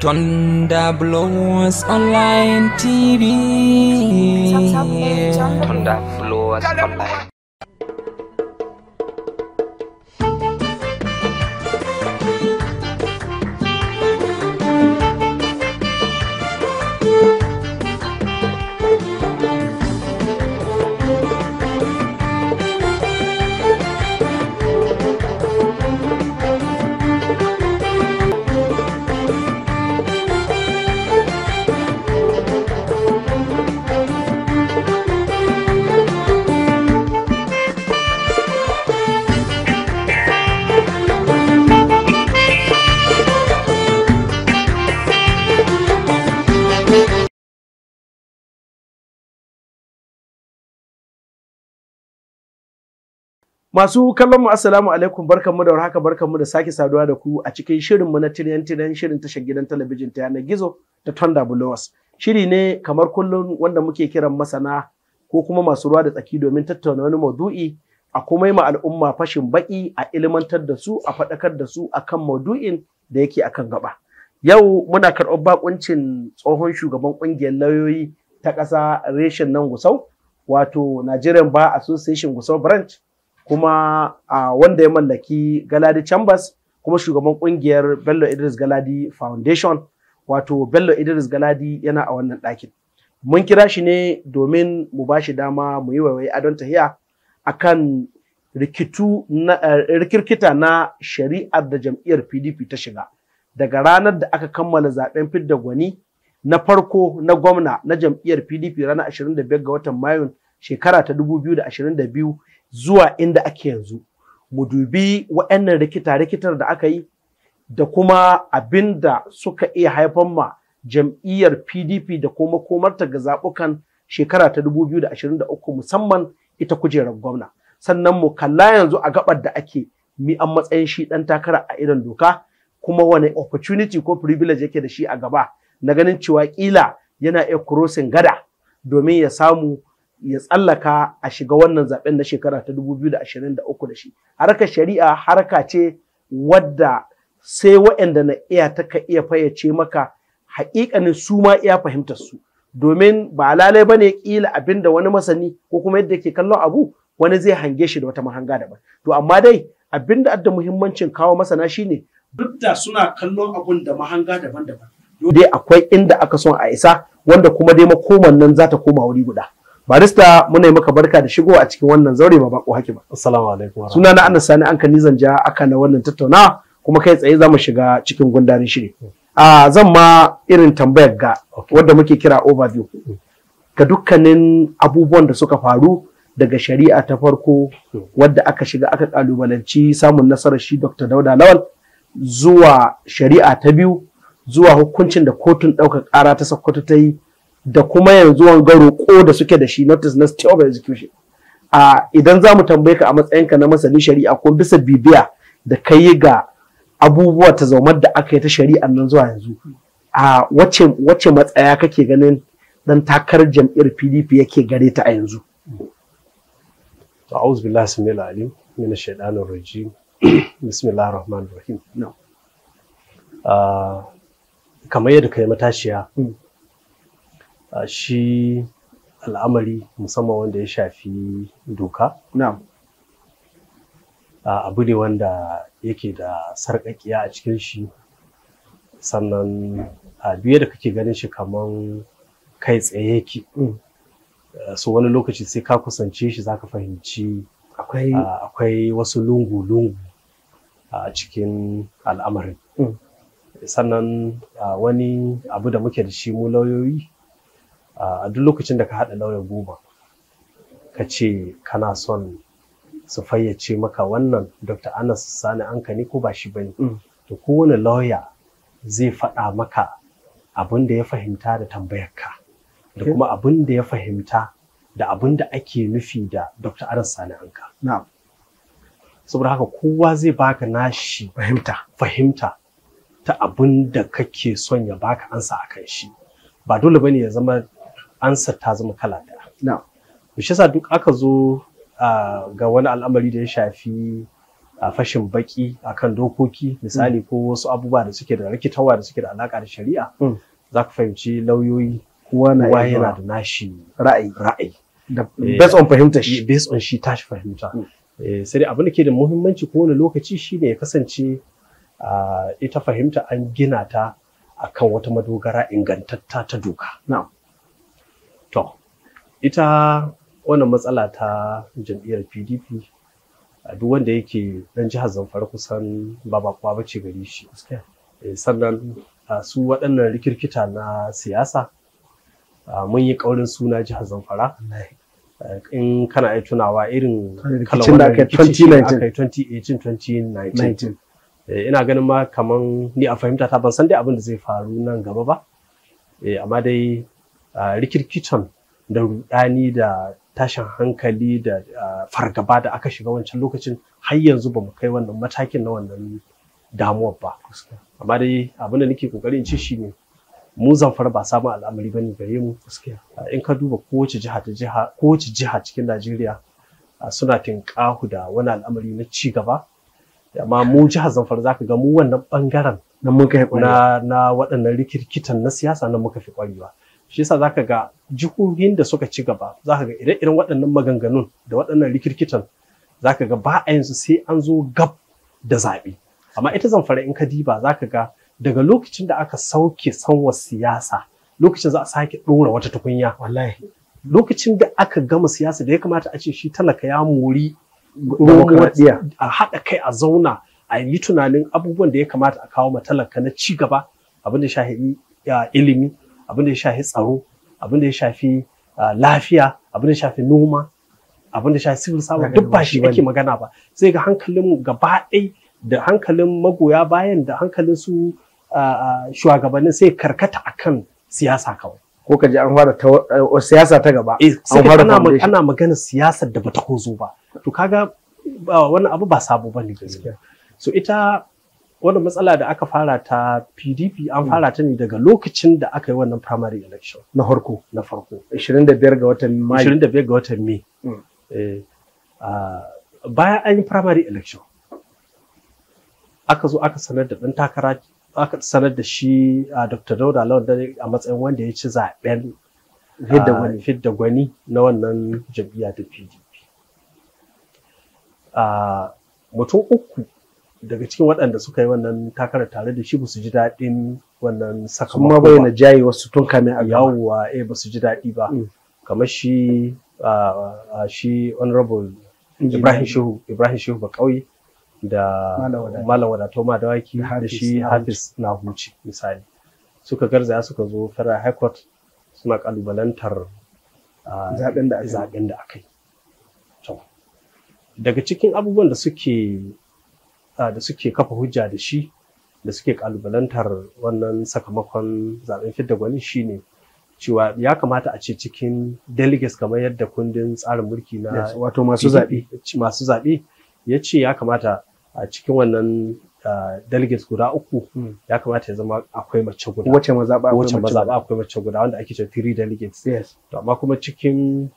Thunder Blowers Online TV. Thunder Blowers Online. Masu kallon mu assalamu alaikum barkanmu da warhaka barkanmu da sake saduwa da ku a cikin shirin mu na tiryan tiryan shirin tashar gidan talabijin ta yanar gizo da Thunder Blowers. Shiri ne kamar kullum wanda muke kiran masana ko kuma masu ruwa da tsaki domin tattauna wani maudu'i a kuma ma al'umma fashin baki a ilmantar da su a faɗakar da su akan maudu'in da yake akan gaba. Yau muna karɓar bakuncin tsohon shugaban ƙungiyar lauyoyi ta ƙasa reshen nan Gusau wato Nigerian Bar Association Gusau Branch kuma a wanda ya mallaki Galadi Chambers kuma shugaban kungiyar Bello Idris Galadi Foundation wato Bello Idris Galadi yana a wannan ɗakin. Mun kira shi ne domin mu ba shi dama mu yi waiwai adon tahiya a kan rikirkita na shari'ar da jam'iyyar PDP ta shiga daga ranar da aka kammala zaben fidda gwani na farko na gwamna na jam'iyyar PDP ranar 25 ga watan Mayu shekara ta 2022 zuwa inda ake yanzu mu dubi wa'annan rikita-rikitar da aka yi da kuma abin da suka iya haifar ma jam'iyyar pdp da kuma komarta ga zaɓukan shekara ta 2023 musamman ita kujerar gwamna sannan mu kalla yanzu a gabar da ake mi an matsayin shi ɗan takara a irin doka kuma wani opportunity ko privilege yake da shi a gaba na ganin cewa ƙila yana iya crossing gada domin ya samu ya tsallaka a shiga wannan zaben na shekara ta 2023 da shi harkar shari'a harka ce wadda sai waɗanda na iya taka iya fayyace maka haƙiƙanin su ma iya fahimtar su domin ba lalai ba ne ƙila abin da wani masani ko kuma yadda ke kallon abu wani zai hange shi da wata mahanga daban to amma dai abin da adda muhimmancin kawo masana shine duk da suna kallon abun da mahanga daban-daban dai akwai inda aka son a isa wanda kuma dai makoman nan za ta koma wuri guda barista muna yi maka barka da shigo a cikin wannan zaure ma bako hakima assalamu alaikum suna na annas sani an kanni zanja aka na wannan tattauna kuma kai tsaye zamu shiga cikin gundarin shiri mm. a zan ma irin tambayar ga wadda muke kira overview mm. ga dukkanin abubuwan da suka faru daga shari'a ta farko mm. wadda aka shiga aka kalubalanci samun nasarar shi dr dauda lawal zuwa shari'a ta biyu zuwa hukuncin da kotun ɗaukar ƙara ta sokoto ta yi da kuma yanzu wanga roƙo da suke da shi notice na stay of execution a idan za mu tambaye ka a matsayinka na masani shari'a ko bisa bibiya da ka yi ga abubuwa ta zaumar da aka yi ta shari'a nan zuwa yanzu a wace wace matsaya kake ganin dan takarar jam'iyyar PDP yake gare ta a yanzu a'udhu billahi samil alim min ash-shaytanir rajim bismillahir rahmanir rahim kamar yadda kai matashiya hmm. shi al'amari musamman wanda ya shafi doka abu ne wanda yake da sarƙaƙiya a cikin shi sannan a biye da kake ganin shi kaman kai tsaye yake mm, so wani lokaci sai ka kusance shi zaka fahimci akwai wasu lungu-lungu a cikin al'amarin mm. sannan wani abu da muke da shi mu lauyoyi Ah, a duk lokacin da ka haɗa lauyan goma ka ce kana son su fayyace maka wannan dr anas sani anka ne ko ba shi bane mm. to kowane lauya zai faɗa maka abin da ya fahimta da tambayar ka da kuma abin da ya fahimta da abin da ake nufi da dr anas sani anka saboda haka kowa zai baka nashi fahimta fahimta ta abin da kake son ya baka ansa akan shi ba dole bane ya zama ansar ta zama kala ɗaya. shi yasa duk aka zo ga wani al'amari da ya shafi a fashin baki akan dokoki misali ko wasu abubuwa da suke da rikitawa da suke da alaka da shari'a mm. za ka fahimci lauyoyi kowa yana da nashi ra'ayi ra'ayi eh, based on fahimta shi based on shi tashi fahimta mm. eh, sai dai abin da ke da muhimmanci ko wani lokaci shine ya kasance ita fahimta an gina ta akan wata madogara ingantatta ta doka na'am To, ita wannan matsala ta jam'iyyar PDP duk wanda yake ɗan jihar Zamfara kusan ba ba ba bace gari shi. Eh, sannan su waɗannan rikirkita na siyasa mun yi ƙaurin suna jihar Zamfara. Eh, in kana yi tunawa irin kalawar 2018, 2019. Ina ganin ma kaman ni a fahimta ta ban san dai abin da zai faru nan gaba ba. Eh, amma dai Rikirkiton da rudani da tashin hankali da fargaba da aka shiga wancan lokacin har yanzu ba mu kai wannan matakin na wannan damuwar ba amma dai abin da nake kokarin ci shi ne mu zamfara ba samun al'amari bane gare mu in ka duba kowace jiha ta jiha kowace jiha cikin Najeriya suna tinkahu da wani al'amari na ci gaba amma mu jihar zamfara zaka ga mu wannan bangaren na na waɗannan rikirkitan na siyasa na muka fi kwarewa shi yasa zaka ga jihohin da suka ci gaba zaka ga ire-iren waɗannan maganganun da waɗannan rikirkitan zaka ga ba a yanzu sai an zo gab da zaɓe amma ita zamfara in ka diba zaka ga daga lokacin da aka sauke sanwa siyasa lokacin za a sake ɗora wata tukunya wallahi lokacin da aka gama siyasa da ya kamata a ce shi talaka ya mori a haɗa kai a zauna a yi tunanin abubuwan da ya kamata a kawo ma talaka na ci gaba abin da ah, ilimi abin da ya shafi tsaro abin da ya shafi lafiya abin da ya shafi noma abin da ya shafi civil service duk ba shi ake magana ba sai ga hankalin gaba ɗai da hankalin magoya bayan da hankalin su shugabannin sai karkata akan siyasa kawai ko ka ji an fara siyasa ta gaba eh, an fara ana magana siyasar da bata hozo ba to kaga wani abu ba sabo bane gaskiya so ita wannan matsala da aka fara ta PDP an hmm. fara ta ne daga lokacin da aka yi wannan primary election na farko na farko 25 ga watan Mai 25 ga watan Mai hmm. eh, bayan an yi primary election aka zo aka sanar da ɗan takara aka sanar da shi a Dr. Dauda Lawan a matsayin wanda ya ci zaben fidda gwani na wannan jam'iyya ta PDP mutum uku daga cikin waɗanda suka yi wannan takarar tare da shi ba ji daɗin wannan sakamakon ba. Kuma bayyana jayi wasu tun kamin a yawowa eh ba su ji daɗi ba. Mm. Kamar shi shi honorable Ibrahim Shehu Ibrahim Shehu ba ƙauye da Malam Wadato Madawaki da shi Hafiz Nahuci misali. Suka garzaya suka zo Federal High Court suna kalubalantar zaɓen da aka yi. Daga cikin abubuwan da suke da suke kafa hujja da shi da suke kalubalantar wannan sakamakon zaben fidda gwani shine cewa ya kamata a ce cikin delegates kamar yadda kundin tsarin mulki na wato masu zaɓe masu zaɓe ya ce ya kamata a cikin wannan delegates guda uku hmm. ya kamata ya zama akwai mace guda wace mazaɓa akwai mace guda wanda ake cewa three delegates to amma kuma cikin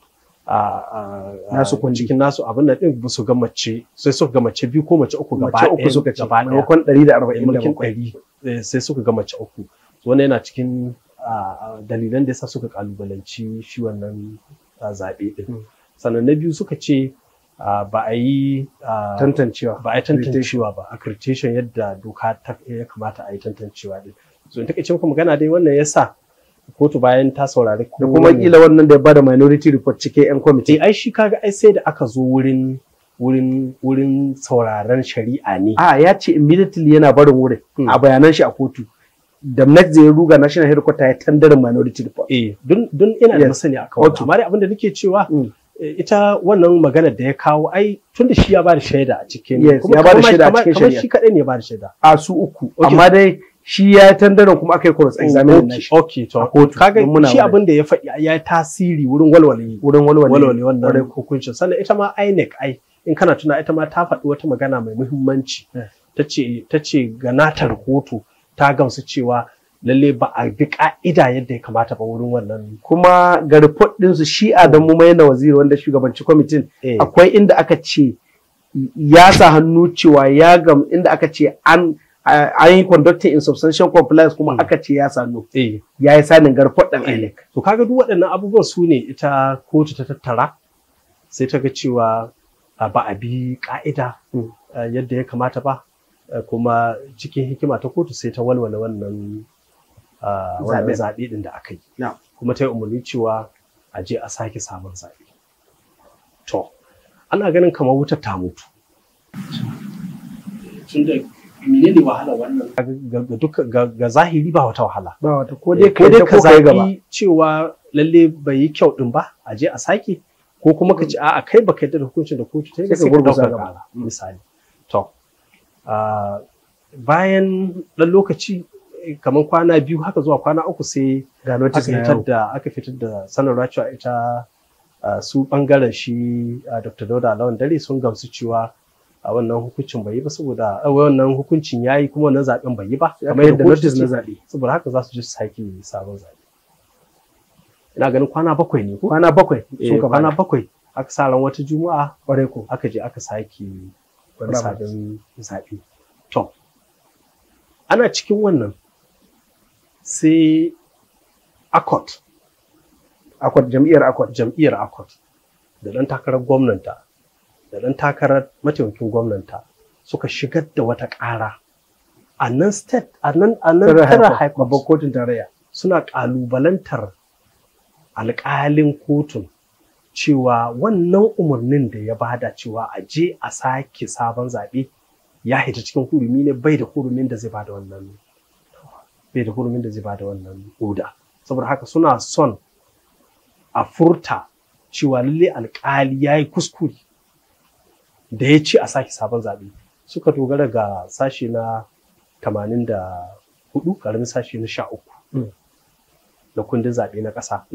a nasu kun cikin nasu abin nan din su ga mace sai suka ga mace biyu ko mace uku gaba mace uku suka ce maimakon 140 mulkin 100 sai suka ga mace uku wannan yana cikin dalilan da yasa suka kalubalanci shi wannan zaɓe din hmm. sannan na biyu suka ce ba a yi tantancewa ba a yi tantancewa ba accreditation yadda doka ya kamata a yi tantancewa din so in take ce muku magana dai wannan yasa kotu bayan ta saurari ko da kuma kila wannan da ya bada minority report cike yan committee eh, ai shi kaga ai sai da aka zo wurin wurin wurin sauraron shari'a ne a ah, ya ce immediately yana barin wurin hmm. a bayanan shi a kotu da next zai ruga national headquarter ya tandara minority report eh don don ina da masani a kawo amma dai abinda nake cewa hmm. eh, ita wannan maganar da ya kawo ai tun da shi ya bada shaida a cikin kuma ya bada shaida a cikin shari'a kamar shi kadai ne ya bada shaida a ah, su uku amma dai shi ya yi tandaran kuma aka yi cross examination na shi Ok to kaga shi abin da ya faɗi ya yi tasiri wurin walwale wurin walwale wannan hukuncin sannan ita ma INEC ai in kana tuna ita ma ta faɗi wata magana mai muhimmanci eh. ta ce ga nata ta gamsu cewa lalle ba a bi ka'ida yadda ya kamata ba wurin wannan kuma ga report ɗinsu shi Adamu yana Waziri wanda shugabanci kwamitin eh. akwai inda aka ce ya sa hannu cewa ya gam inda aka ce an an yi conducting in substantial compliance kuma hmm. aka ce ya sanu eh. ya sanin garfar ɗan eh. To kaga duk waɗannan abubuwan su ne ita kotu ta tattara sai ta ga cewa ba a bi ƙa'ida hmm. yadda ya kamata ba kuma cikin hikima ta kotu sai ta walwala wannan wannan zaɓe ɗin da aka yi. Kuma ta yi umarni cewa a je a sake sabon zaɓe. To, ana ganin kamar wutar ta mutu. menene wahala wannan ga duka ga zahiri ba wata wahala ba wata ko dai eh, kai ka zabi cewa lalle bai yi kyau din ba a je a sake ko kuma ka ci a kai baka yadda da hukuncin da kotu ta yi ka gaba misali to bayan ɗan lokaci eh, kamar kwana biyu haka zuwa kwana uku sai aka fitar da aka fitar da sanarwa cewa ita su bangaren shi Dr. Dauda Lawan Dare sun gamsu cewa a wannan hukuncin bai yi ba saboda wannan hukuncin yayi kuma wannan zaben bai yi ba kamar yadda notice na zabe saboda haka za su ji su sake sabon zabe ina ganin kwana bakwai ne kwana bakwai eh, so kwana bakwai aka sa ran wata juma'a kwarai ko aka je aka sake wani sabon zabe to ana cikin wannan sai akot akot jam'iyyar akot jam'iyyar akot da dan takarar gwamnati da ɗan takarar mataimakin gwamnanta suka shigar da wata ƙara a nan state a nan a nan tara babban kotun tarayya suna ƙalubalantar alƙalin kotun cewa wannan umarnin da ya bada cewa a je a sake sabon zaɓe ya hita cikin hurumi ne bai da hurumin da zai bada wannan bai da hurumin da zai bada wannan oda saboda haka suna son a furta cewa lalle alƙali ya yi kuskure da ya ci a sake sabon zaɓe suka dogara ga sashi na 84 karamin sashi na 13 mm. na kundin zaɓe na ƙasa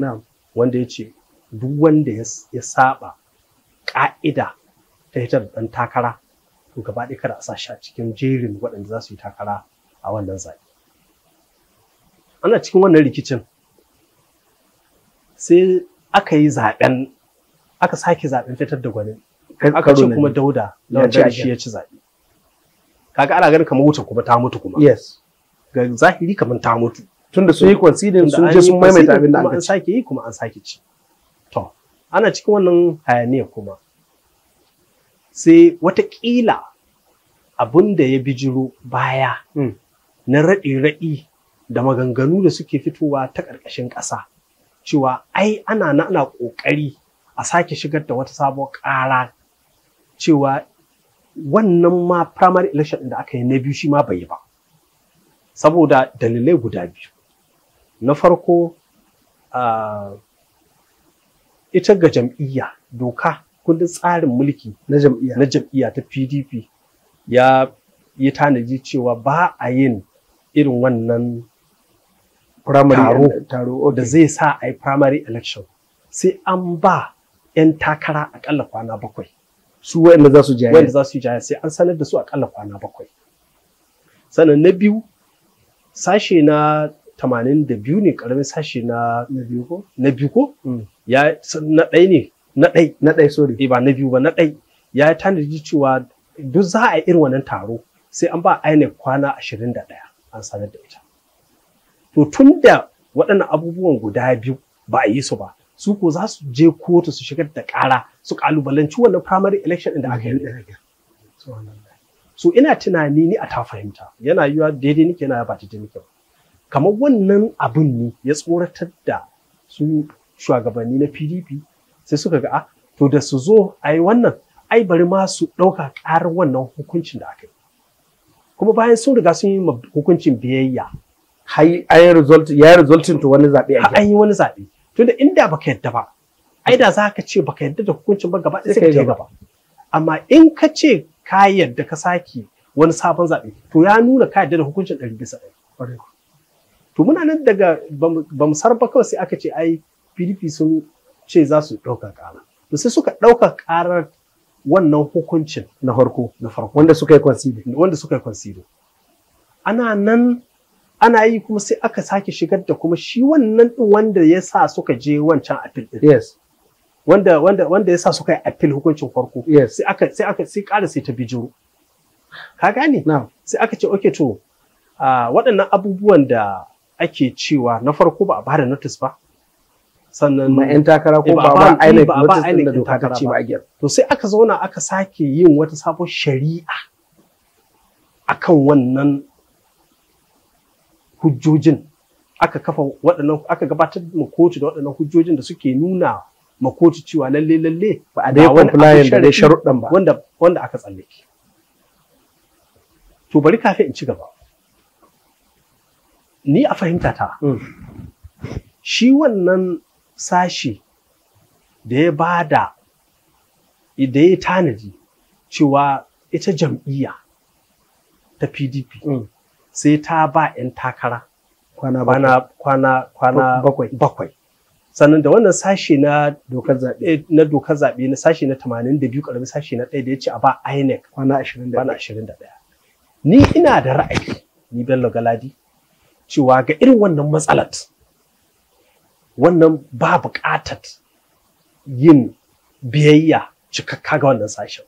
wanda ya ce duk wanda ya saba ƙa'ida ta hitar da ɗan takara to gaba ɗaya kada a sa a cikin jerin waɗanda za su yi takara a wannan zaɓe. Ana cikin wannan rikicin sai aka yi zaɓen aka sake zaɓen fitar da gwanin aka ce kuma dauda lawan shi ya ci zaɓe kaga ana ganin kamar wutar kuma ta mutu kuma yes ga zahiri kamar ta mutu tunda sun yi considering sun je sun maimaita abin da aka sake yi kuma an sake ci to ana cikin wannan hayaniya kuma sai watakila abin da ya bijiro baya hmm. na raɗi-raɗi da maganganu da suke fitowa ta ƙarƙashin ƙasa cewa ai ana na ana ƙoƙari a sake shigar da wata sabuwar ƙara cewa wannan ma primary election da aka yi na biyu shi ma bai yi ba saboda dalilai guda biyu na farko ita ga jam'iyya doka kundin tsarin mulki na jam'iyya na jam'iyya ta pdp ya yi tanaji cewa ba a yin irin wannan primary taro da zai sa a yi primary election sai an ba 'yan takara akalla kwana bakwai su wanda za su jaya wanda za su jaya sai an sanar da su akalla kwana bakwai sannan na biyu sashe na tamanin da biyu ne karamin sashe na na biyu ko Na biyu mm. ya na ɗai ne na ɗai na ɗai sorry eh, ba na biyu ba na ɗai ya tanadi cewa duk za a irin wannan taro sai an ba INEC kwana 21 an sanar da ita to tun da waɗannan abubuwan guda biyu ba a yi su ba su ko za su je kotu su shigar da ƙara su kalubalanci wannan primary election da aka yi so ina tunani ni a ta fahimta yana yiwa daidai nake yana ba daidai nake kamar wannan abin ne ya tsoratar da su shugabanni na pdp sai suka ga ah, to da su zo a yi wannan ai bari ma su ɗauka ƙarar wannan hukuncin da aka yi kuma bayan sun riga sun yi hukuncin biyayya ya yi resulting to wani zaɓe a yi wani zaɓe tunda inda baka yadda ba ai da za ka ce baka yadda da hukuncin ba gaba sai ka gaba amma in ka ce ka yadda ka sake wani sabon zaɓe to ya nuna ka yadda da hukuncin ɗari bisa ɗari to muna nan daga ba mu sarfa kawai sai aka ce ai pdp sun ce za su ɗauka ƙara to sai suka ɗauka ƙarar wannan hukuncin na farko na farko wanda suka yi consider wanda suka yi ana nan ana yi kuma sai aka sake shigar da kuma shi wannan din wanda ya sa suka je wancan appeal din yes wanda wanda wanda ya sa suka yi appeal hukuncin farko yes sai aka sai aka sai ƙara sai ta bijiro ka gane na'am sai aka ce okay to uh, waɗannan abubuwan da ake cewa na farko ba a bada notice ba sannan ma yan takara ko eh, ba ba eh, INEC notice ba da doka ba to sai aka zauna aka sake yin wata sabon shari'a akan wannan hujjojin aka kafa waɗannan aka gabatar ma kotu da waɗannan hujjojin da suke nuna ma kotu cewa lalle lalle ba a da wani sharuɗan ba wanda wanda aka tsallake to bari kafin in ci gaba ni a fahimta ta mm. shi wannan sashi da ya bada da ya tanaji cewa ita jam'iyya ta pdp sai ta ba 'yan takara kwana bakwai sannan da wannan sashe na dokar zaɓe eh. na dokar zaɓe na sashe na 82 karamin sashe na 1 da ya ce a ba INEC kwana 21 ni ina da ra'ayi ni Bello Galadi cewa ga irin wannan matsalar wannan ba buƙatar yin biyayya cikakka ga wannan sashen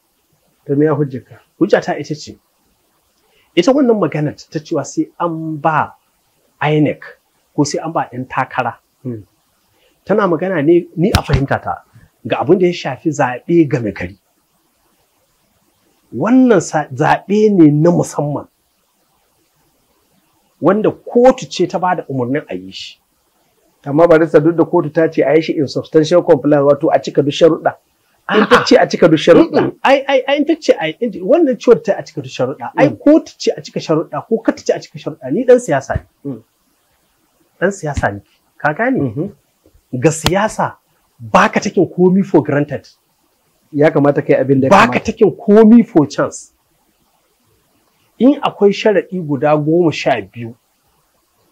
to me ya hujjarka hujjata ita ce ita wannan magana ta cewa sai an ba INEC ko sai an ba ɗan takara hmm. tana magana ne ni a fahimta ta ga abin da ya shafi zaɓe ga kari wannan zaɓe ne na musamman wanda kotu ce ta ba da umarnin a yi shi amma duk da kotu ta ce a yi shi in substantial compliance wato a cika duk sharuɗa in ta ce a cika duk sharuɗa ai ai ai in ta ce wannan ciwon ta a cika duk sharuɗa ai mm. ko ta ce a cika sharuɗa ko ka ta ce a cika sharuɗa ni dan siyasa ne dan mm. siyasa ne ka gane mm-hmm. ga siyasa baka takin komi for granted ya kamata kai abin da ya kamata Ba baka takin komi for chance in akwai sharaɗi guda goma sha biyu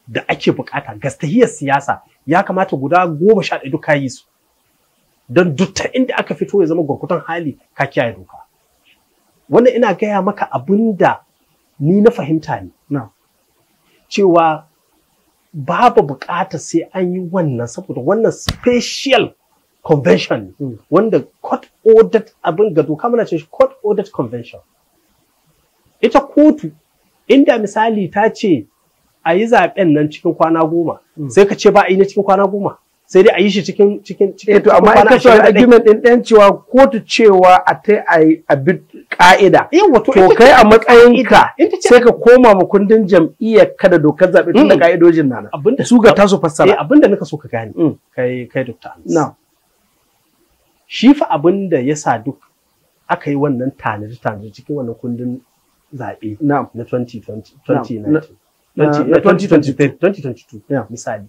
da ake bukata gastahiyar siyasa ya kamata guda goma sha ɗaya duka yi su don dutta inda aka fito ya zama gwarkutan hali ka kiyaye doka wannan ina gaya maka abin da ni na fahimta ne cewa babu bukata sai an yi wannan saboda wannan special convention hmm. wanda court ordered abin ga doka muna ce court ordered convention ita kotu inda misali ta ce a yi zaben nan cikin kwana goma hmm. sai ka ce ba a yi na cikin kwana goma sai dai a yi shi cikin cikin cikin eh, to amma ita so argument din dan cewa kotu cewa a ta a bi ka'ida to kai a matsayin ka sai ka koma ma kundin jam'iyyar kada dokar zaɓe tun da ka'idojin mm. nana su ga tasu fassara eh, abinda nika so ka gane mm. kai kai dokta na shi fa abinda ya sa duk aka yi wannan tanadi tanadi cikin wannan kundin zaɓe na 2020 2019 2022 misali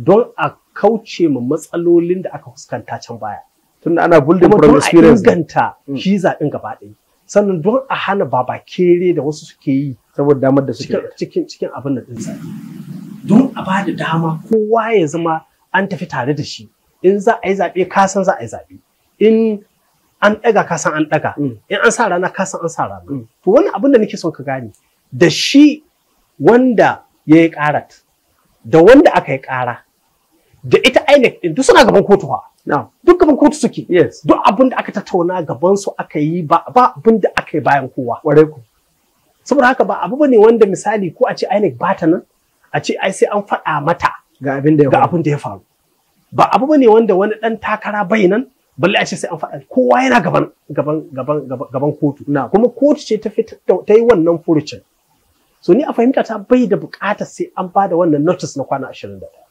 don a kauce ma matsalolin da aka fuskanta can baya. Tunda ana building from experience. Don a inganta mm. shi din gaba ɗaya. Sannan don a hana baba kere da wasu suke yi. Saboda damar da suke. Cikin cikin abin da ɗin zaɓe. Don a ba da dama kowa ya zama an tafi tare da shi. In za a yi zaɓe ka san za a yi zaɓe. In an ɗaga ka san an ɗaga. Mm. In an sa rana ka san an sa rana. Mm. To wani abin da nake son ka gane. Da shi wanda ya yi ƙarat. Da wanda aka yi ƙara. da ita INEC din duk suna gaban kotu fa duk gaban kotu suke duk abin da aka tattauna gaban su aka yi ba abin da aka yi bayan kowa saboda haka ba abu bane wanda misali ko a ce INEC ba ta nan a ce ai sai an faɗa mata ga abin da ya faru ba abu bane wanda wani ɗan takara bai nan balle a ce sai an faɗa kowa yana gaban gaban gaban gaban kotu kuma kotu ce ta ta yi wannan furucin so ni a fahimta ta bai da buƙatar sai an bada wannan notice na kwana 21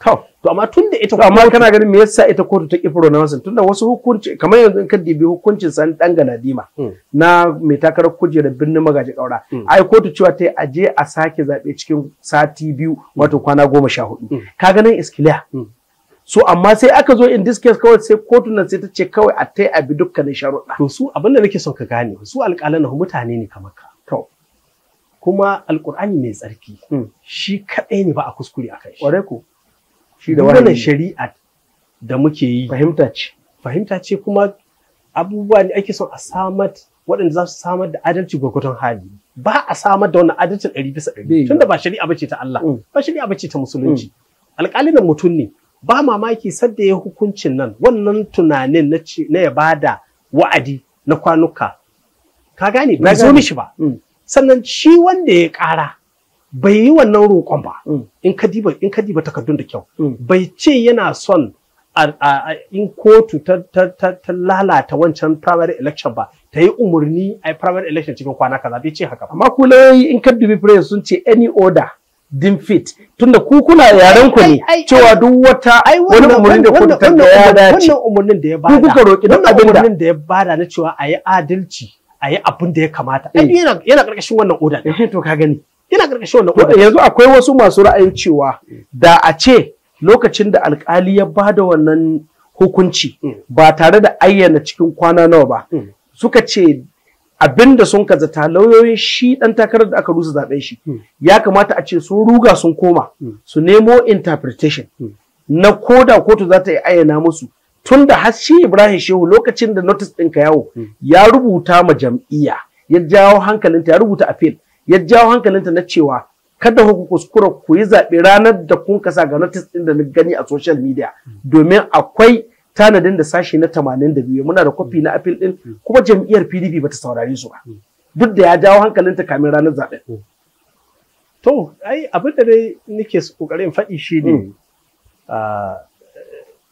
to amma tun da ita amma kana ganin me yasa ita kotu ta kifiro na wasan tunda wasu hukunci kamar yanzu in ka dibi hukuncin san dan galadima hmm. na mai takarar kujerar birnin magaji kaura hmm. ai kotu cewa ta aje a sake zabe cikin sati biyu hmm. wato kwana goma sha hudu ka ganin iskiliya so amma sai aka zo in this case kawai sai kotu nan sai ta ce kawai a tai bi dukkanin sharuɗa to su abin nake son ka gane su alƙalan mutane ne kamar ka to kuma alƙur'ani mai tsarki shi kaɗai ne ba a kuskure a kai shi ko shi da wani shari'a da muke yi fahimta ce fahimta ce kuma abubuwa ne ake son a samar waɗanda za su samar da adalci gwagwaton hali ba a samar da wannan adalcin ɗari bisa ɗari tunda ba shari'a bace ta Allah mm. ba shari'a bace ta musulunci mm. alƙalin mutum ne ba mamaki sadda ya hukuncin nan wannan tunanin na ya bada wa'adi na kwanuka ka gane bai zo mishi ba mm. sannan shi wanda ya ƙara bai yi wannan roƙon ba mm. in ka diba in ka diba takardun da kyau mm. bai ce yana son in kotu ta, lalata wancan primary election ba ta yi umarni a primary election cikin kwana kaza bai ce haka ba amma kula in ka dubi press sun ce any order din fit tunda ku kuna yaren ku ne cewa duk wata wani umarni da kuka tanda ya dace wannan umarnin da ya bada kuka roki dan abin da umarnin da ya bada na cewa ayi adalci ayi abin da ya kamata eh. yana yana karkashin wannan order eh, to ka gani yana karkashin wannan order yanzu akwai wasu masu ra'ayin cewa da a ce lokacin da alkali ya ba da wannan hukunci hmm. ba tare da ayyana cikin kwana nawa ba hmm. suka ce abinda sun kazata lauyoyin shi dan takarar da aka rusa zaben shi hmm. ya kamata a ce sun ruga sun koma su nemo interpretation na koda kotu za ta yi ayyana musu tun da har shi Ibrahim Shehu lokacin da notice ɗin ka yawo ya rubuta ma jam'iyya ya jawo hankalinta ya rubuta appeal ya jawo hankalinta na cewa kada ku kuskura ku yi zaɓe ranar da kun kasa ga notice ɗin da na gani a social media domin akwai tanadin da sashi na 82 muna da kwafi na appeal ɗin kuma jam'iyyar PDP bata saurare su ba duk da ya jawo hankalinta kamin ranar zaɓen. To, ai abin da dai nake kokarin faɗi shi ne hmm.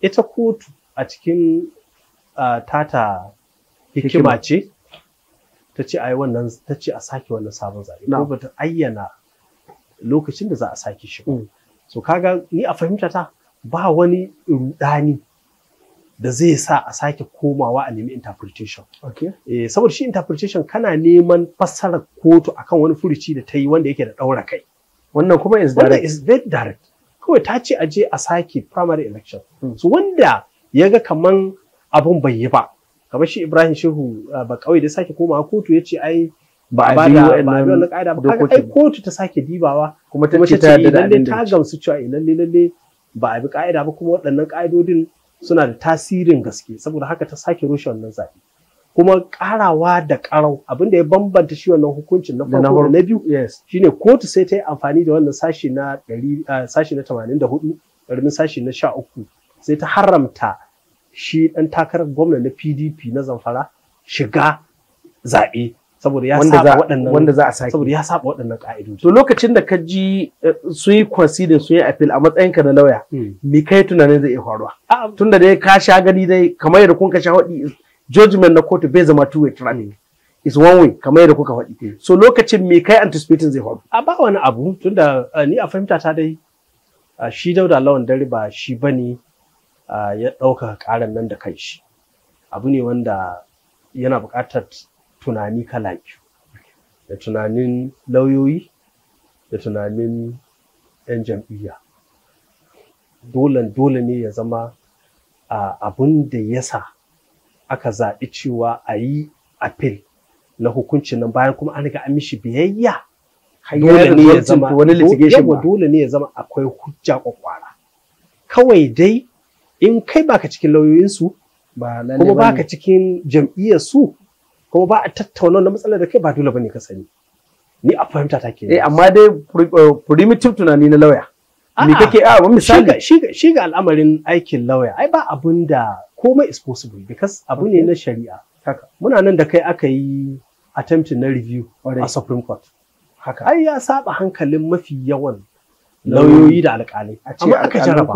ita kotu a cikin tata hikima ce ta ce ai wannan ta ce a sake wannan sabon zaɓe ko ba ta ayyana lokacin da za a sake shi mm. so kaga ni a fahimta ta ba wani rudani da zai sa a sake komawa a nemi interpretation okay. eh, saboda shi interpretation kana neman fassara kotu akan wani furuci da ta yi wanda yake da ɗaura kai wannan kuma is direct is very direct kawai ta ce a je a sake primary election mm. so wanda ya ga kaman abun bai yi ba kamar shi Ibrahim Shehu ba kawai da sake komawa kotu ya ai ba a ba da wannan ka'ida ba kaga ai kotu ta sake dibawa kuma ta ce dai ta gamsu cewa eh, lalle lalle ba a bi ka'ida ba kuma waɗannan ka'idodin suna da tasirin gaske saboda haka ta sake rushe wannan zaɓe kuma karawa da karau abinda ya bambanta shi wannan hukuncin na farko na biyu shine kotu sai ta yi amfani da wannan sashi na sashi na 84 ƙaramin sashi na 13 sai ta haramta shi ɗan takarar gwamna na PDP na Zamfara shiga zaɓe saboda ya saba waɗannan wanda za a sake saboda ya saba waɗannan ka'idoji to lokacin da ka ji eh, su yi consider su yi appeal a matsayinka na lauya hmm. me kai tunanin zai iya faruwa ah, tunda dai ka sha gani dai kamar yadda kun ka sha hadi judgment na kotu bai zama two way traffic hmm. is one way kamar yadda kuka faɗi hmm. so lokacin me kai anticipating zai faru a ba wani abu tunda eh, ni a fahimta ta dai ah, shi dauda lawan dare ba shi bane ya ɗaukaka ƙarin nan da kanshi abu ne wanda yana buƙatar tunani kala biyu da tunanin lauyoyi da tunanin 'yan jam'iyya dole dole ne ya zama abin da ya sa aka zaɓi cewa a yi apil na hukuncin nan bayan kuma an riga an mishi biyayya dole ne ya zama dole ne ya zama akwai hujja kwakwara kawai dai in kai baka cikin lauyoyinsu kuma baka cikin jam'iyyarsu kuma ba a tattauna na matsalar da kai ba dole bane ka sani ni a fahimta ta ke eh amma dai eh, primitive tunani na lauya ni kake a wani misali shi ga al'amarin aikin lauya ai ba abun da komai is possible because abu ne na shari'a haka muna nan da kai aka yi attempt na review a supreme court haka ai ya saba hankalin mafi yawan lauyoyi da alƙalai amma aka jaraba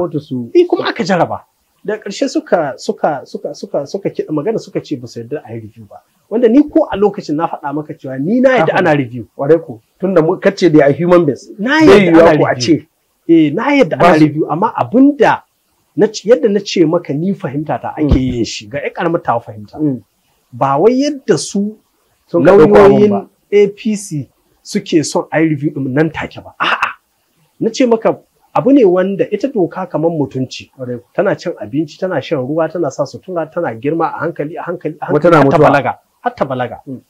eh, kuma aka jaraba da ƙarshe suka suka suka suka suka kiɗa magana suka ce ba su yarda a yi review ba wanda ni ko a lokacin na faɗa maka cewa ni na yarda ana review ware ku tunda mu kace da human base na yarda ana review eh na yarda ana review amma abinda na yadda na ce maka ni fahimta ta ake mm. yin shi ga ƴan karamar ta fahimta mm. ba wai yadda su lauyoyin APC suke son ai review din nan take ba a'a na ce maka abu ne wanda ita doka kamar mutunci tana cin abinci tana shan ruwa tana sa sutura tana girma a hankali a hankali a hankali har ta balaga ta hmm.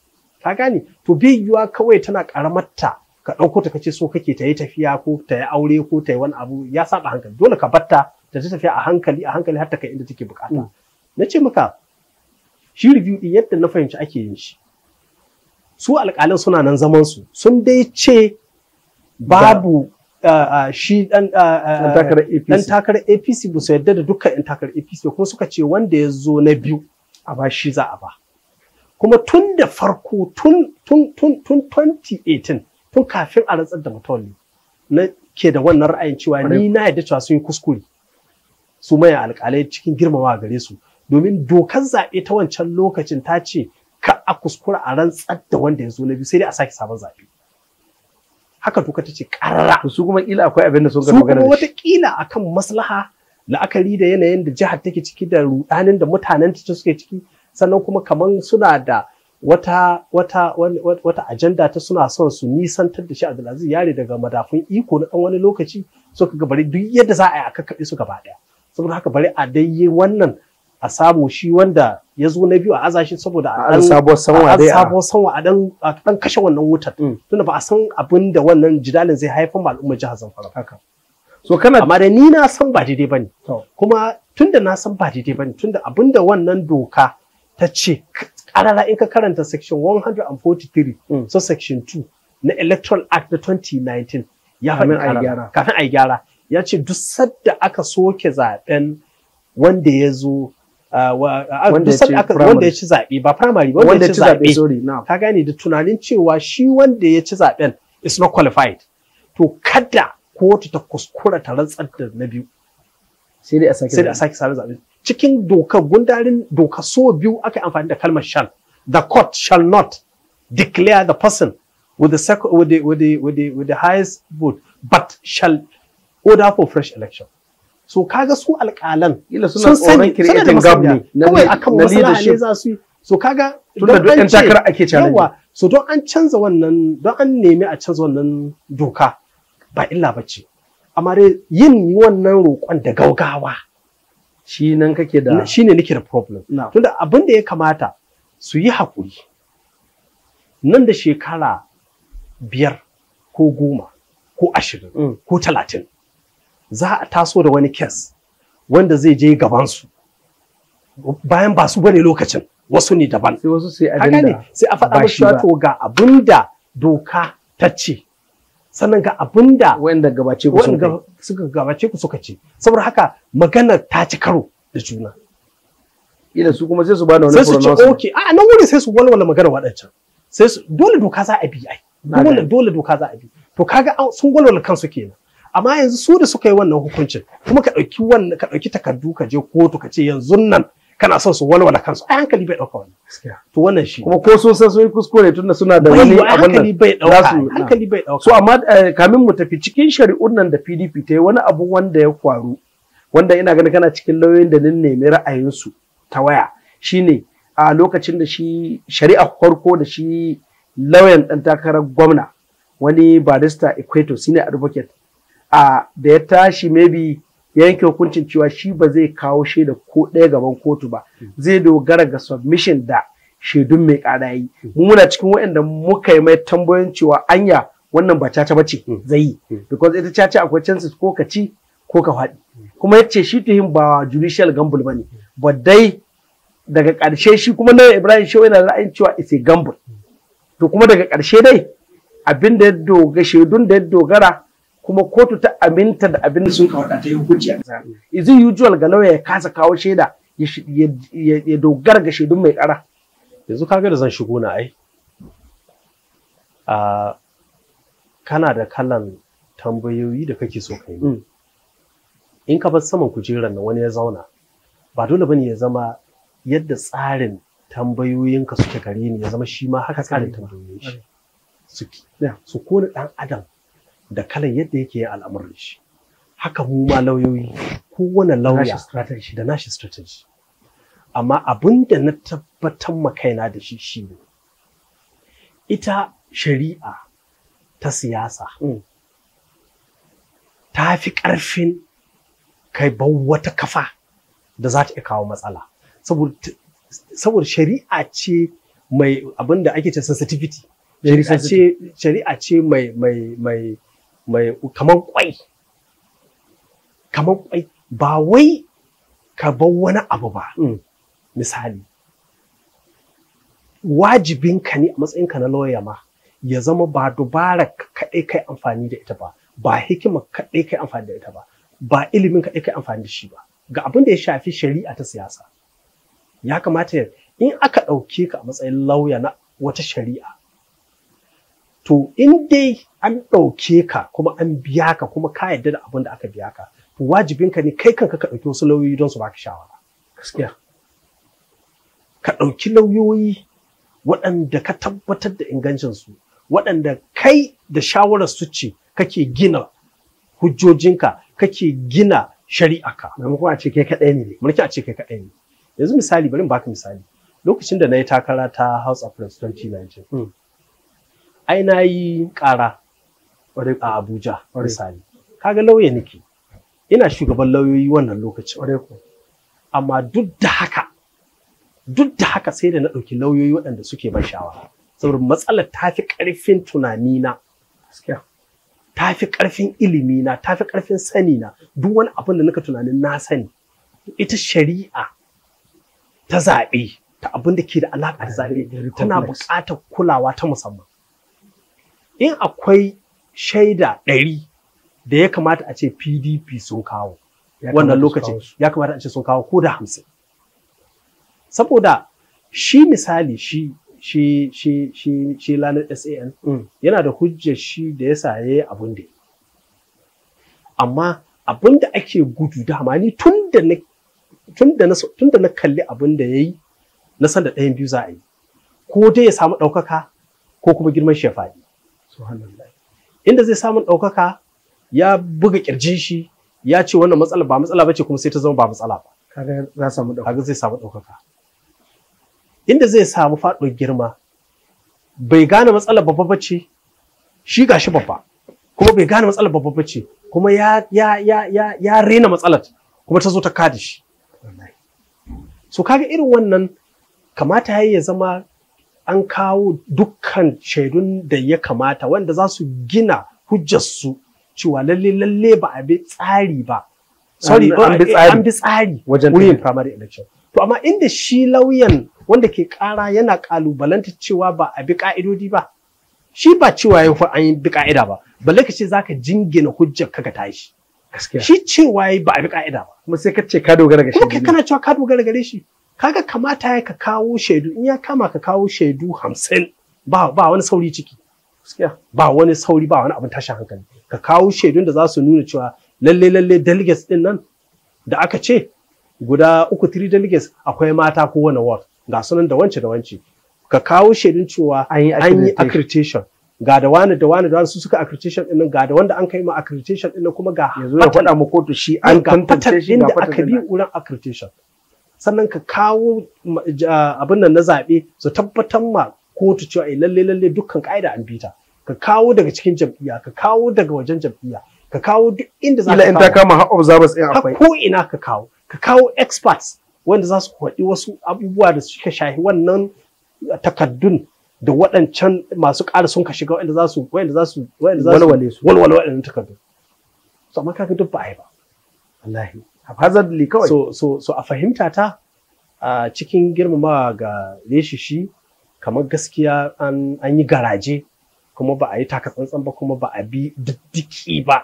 ka gane to bai yiwuwa kawai tana karamarta ka ɗauko ta kace so kake ta yi tafiya ko ta yi aure ko ta yi wani abu ya saba hankali dole ka batta ta ta tafiya a hankali a hankali har ta kai inda take bukata hmm. na ce maka shi review din yadda na fahimci ake yin shi su alƙalin suna nan zaman su sun dai ce babu shi dan takarar apc ba su yarda da dukkan yan takarar apc kuma suka ce wanda ya zo na biyu a ba shi za a ba kuma tun da farko tun 2018 tun kafin a rantsar da mutane na ke da wannan ra'ayin cewa ni na yadda cewa sun yi kuskure su maye alƙalai cikin girmamawa gare su domin dokar zaɓe ta wancan lokacin ta ce ka a kuskura a rantsar da wanda ya zo na biyu sai dai a sake sabon zaɓe haka to ta ce karara su kuma kila akwai abin da sun ga magana su wata kila akan maslaha la'akari da yanayin da jihar take ciki da rudanin da mutanen ta suke ciki sannan kuma kaman suna da wata wata wata ajanda ta suna son su nisantar da shi Abdulaziz yare daga madafun iko na ɗan wani lokaci so ga bari duk yadda za a yi aka kabe su gaba daya saboda haka bari a dai wannan a samu shi wanda ya zo na biyu a azashi saboda a dan sabuwar sanwa dai a sabuwar sanwa a dan dan kashe wannan wutar mm. tunda ba a san abin da wannan jidalin zai haifar ma al'ummar jihar Zamfara haka so kana amma da ni na san ba daidai bane kuma tunda na san ba daidai bane tunda abin da wannan doka ta ce karara in ka karanta section 143 mm. so section 2 na electoral act na 2019 ya faɗi karara kafin a gyara ya ce duk sadda aka soke zaben wanda ya zo wanda ya ci zaɓe ba primary ba wanda ya ci zaɓe ka gane da tunanin cewa shi wanda ya ci zaɓen is not qualified to kada kotu ta kuskura ta rantsar da na biyu sai dai a sake sare zaɓe cikin dokar gundarin doka so biyu aka amfani da kalmar shall the court shall not declare the person with the, with the, with the, with the, with the highest vote but shall order for fresh election so kaga su alƙalan sun sani suna da masaniya kawai akan maslaha ne za su yi so kaga tunda duk ɗan takara ake challenge so don an canza wannan don an nemi a canza wannan doka ba illa bace amma dai yin wannan roƙon da gaugawa shi nan kake da shi ne nake da problem tunda abin da ya kamata su yi haƙuri nan da shekara biyar ko goma ko ashirin mm. ko talatin za a taso da wani kes wanda zai je gabansu bayan ba su bane lokacin wasu ne daban sai wasu sai sai a faɗa musu cewa to ga abinda doka ta ce sannan ga abinda wanda gabace ku suka suka gabace ku suka ce saboda haka magana ta ci karo da juna ila su kuma sai su bada wani furon sai su ce okay a nan wuri sai su walwala magana waɗancan sai su dole doka za a bi ai dole doka za a bi to kaga sun walwala kansu kenan amma yanzu su da suka yi wannan hukuncin kuma ka ɗauki wannan ka ɗauki takardu ka je kotu ka ce yanzu nan kana son su walwala kansu a hankali bai ɗauka wannan to wannan shi kuma ko so sai sun kuskure tunda suna da wani abin nan hankali bai ɗauka hankali bai ɗauka so amma eh, kamin mu tafi cikin shari'un nan da PDP ta yi wani abu wanda ya faru wanda ina ganin kana cikin lauyoyin da nin nemi ra'ayinsu ta waya shine a lokacin da shi shari'a farko da shi lauyan ɗan takarar gwamna wani barista equator senior advocate a da ya tashi maybe yanke hukuncin cewa shi ba zai kawo shaida ko ɗaya gaban kotu ba zai dogara ga submission da shaidun mai ƙara yi muna cikin waɗanda muka yi mai tambayoyin cewa anya wannan ba caca bace zai yi because ita caca akwai chances ko ka ci ko ka faɗi kuma ya ce shi him ba judicial gamble ba ne ba dai daga karshe shi kuma na ibrahim shehu yana ra'ayin cewa it's a gamble to kuma daga karshe dai abin ya dogara shaidun da ya dogara kuma kotu ta aminta da abin da sun kawo ta yi hukunci a ƙasa is usual ga lauya ya kasa kawo shaida ya dogara ga shaidun mai kara yanzu kaga da zan shigo na ai kana da kalan tambayoyi da kake so ka yi hmm. in ka bar saman kujerar na wani ya zauna ba dole bane ya zama yadda tsarin tambayoyinka suke gare ni ya zama shi ma haka tsarin tambayoyin shi Su so ɗan adam da kalan yadda yake yin al'amuran shi haka mu ma lauyoyi kowane lauya da nashi strategy amma abin da na tabbatar ma kaina da shi shi ne ita shari'a ta siyasa mm. ta fi ƙarfin kai ba wata kafa da za ta iya kawo matsala saboda shari'a ce mai abin da ake ce sensitivity shari'a ce mai mai mai mai kamar kwai kamar kwai ba wai ka bar wani abu ba hmm. misali wajibinka ne a matsayinka na lauya ma ya zama ba dubara kaɗai kai amfani da ita ba ba hikima kaɗai kai amfani da ita ba ba ilimin kaɗai kai amfani da shi ba ga abin da ya shafi shari'a ta siyasa ya kamata in aka ɗauke ka a matsayin lauya na wata shari'a to in dai an ɗauke ka kuma an biya ka kuma ka yarda da abin da aka biya ka to ka ne kai kanka ka ɗauki wasu lauyoyi don su baka shawara gaskiya ka ɗauki lauyoyi waɗanda ka tabbatar da ingancinsu waɗanda kai da shawarar su ce kake gina hujjojinka kake gina shari'aka maimakon a ce kai kaɗai ne mulki a ce kai kaɗai ne yanzu misali bari in baka misali lokacin da na yi takara ta House of 2019 ai na yi ƙara a Abuja misali kaga lauya nake ina shugaban lauyoyi wannan lokacin amma duk da haka duk da haka sai da na ɗauki lauyoyi waɗanda suke ban shawa. saboda matsalar ta fi ƙarfin tunanina ta fi ƙarfin ilimina ta fi ƙarfin sanina duk wani abin da naka tunanin na sani ita shari'a ta zaɓe ta abin da ke da alaƙa da zaɓe tana buƙatar kulawa ta musamman in akwai shaida ɗari da ya kamata a ce pdp sun kawo wannan lokacin ya kamata a ce sun kawo ko da hamsin saboda shi misali shi shi shi shi shi lanar san mm. yana da hujjar shi da ya saye abin da amma abin da ake gudu dama ni tun da na tun na kalli abun da ya yi na san da ɗayan biyu za a yi ko dai ya samu ɗaukaka ko kuma girman shi ya faɗi. subhanallah inda zai samu ɗaukaka ya buga kirjin shi ya ce wannan matsala ba matsala bace kuma sai ta zama ba matsala ba kaga za samu ɗaukaka kaga zai samu ɗaukaka inda zai samu faɗo girma bai gane matsalar babba bace shi gashi babba kuma bai gane matsalar babba bace kuma ya ya ya ya ya rena matsalar kuma ta zo ta kada shi so kaga irin wannan kamata ya zama an kawo dukkan shaidun da ya kamata wanda za su gina hujjarsu cewa lalle lalle ba a bi tsari ba sorry eh, an bi tsari wajen wurin primary election to amma inda shi lauyan wanda ke kara yana kalubalanta cewa ba a bi ka'idodi ba shi ba cewa ya an yi bi ka'ida ba balle ka ce za ka jingina hujjar ka tashi shi cewa ba a bi ka'ida ba kuma sai ka ce ka dogara ga shi kuma kana cewa ka dogara gare shi kaga kamata ya ka kawo shaidu in ya kama ka kawo shaidu hamsin ba ba wani sauri ciki ba wani sauri ba wani abin tashin hankali ka kawo shaidun da za su nuna cewa lalle lalle delegates din nan da aka ce guda uku three delegates akwai mata ko wani ward ga sunan da wance da wance ka kawo shaidun cewa an yi accreditation ga da wani da wani da wani su suka accreditation din nan ga da wanda an kai ma accreditation din nan kuma ga yanzu ya faɗa mu kotu shi an tantance shi ga fatan da aka bi wurin accreditation sannan ka kawo abin nan na zaɓe su tabbatar ma kotu cewa eh, lalle lalle dukkan ka'ida an bita ka kawo daga cikin jam'iyya ka kawo daga wajen jam'iyya ka kawo duk inda za ka kawo. in ta kama har observers ɗin akwai. Ko ina ka kawo, ka kawo experts wanda za su kwaɗi wasu abubuwa da suka shahi wannan takaddun da waɗancan masu ƙara sun ka shiga wanda za su wanda za su wanda za su walwale su walwale waɗannan takaddun. So amma kaga duk ba ai yi ba. Wallahi. haphazardly kawai so so so a fahimta ta a cikin girmama ga leshi shi kamar gaskiya an an yi garaje kuma ba a yi taka takatsantsan ba kuma ba a bi diddiki ba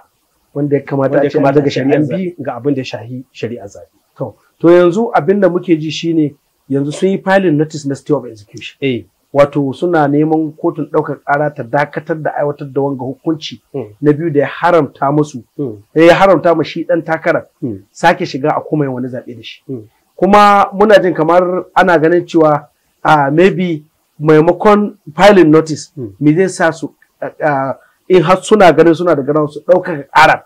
wanda ya kamata a ce daga shari'an bi ga abin da shahi shari'a zabi to yanzu abin da muke ji shine yanzu sun yi filing notice na state of execution eh wato suna neman kotun ɗaukar ƙara ta dakatar da aiwatar da wanga hukunci hmm. na biyu da ya haramta musu hmm. ya haramta ma shi ɗan takara hmm. sake shiga a kuma wani zaɓe da shi kuma muna jin kamar ana ganin cewa a maybe maimakon filing notice me zai sa su in har suna ganin suna da ganin su ɗaukar ƙara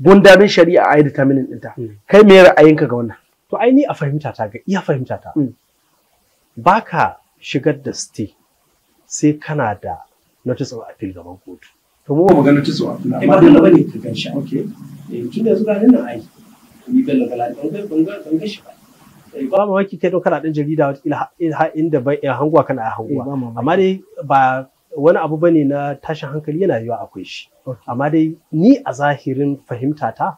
gundarin shari'a a yi taminin ɗinta kai me ra'ayinka ga wannan to ai a fahimta ta ga iya fahimta ta baka shigar da stay sai kana da notice of appeal gaban kotu to mu ba ga notice of appeal amma dole bane ka gan shi okay eh tunda da zuwa nan ai ni bello lokala ban ga ban ga ban ga shi ba eh, ba ma waki kai dokar dan jarida wata inda bai hangwa kana hangwa eh, amma dai ba wani abu bane na tashin hankali yana yiwa akwai shi amma dai ni a zahirin fahimtata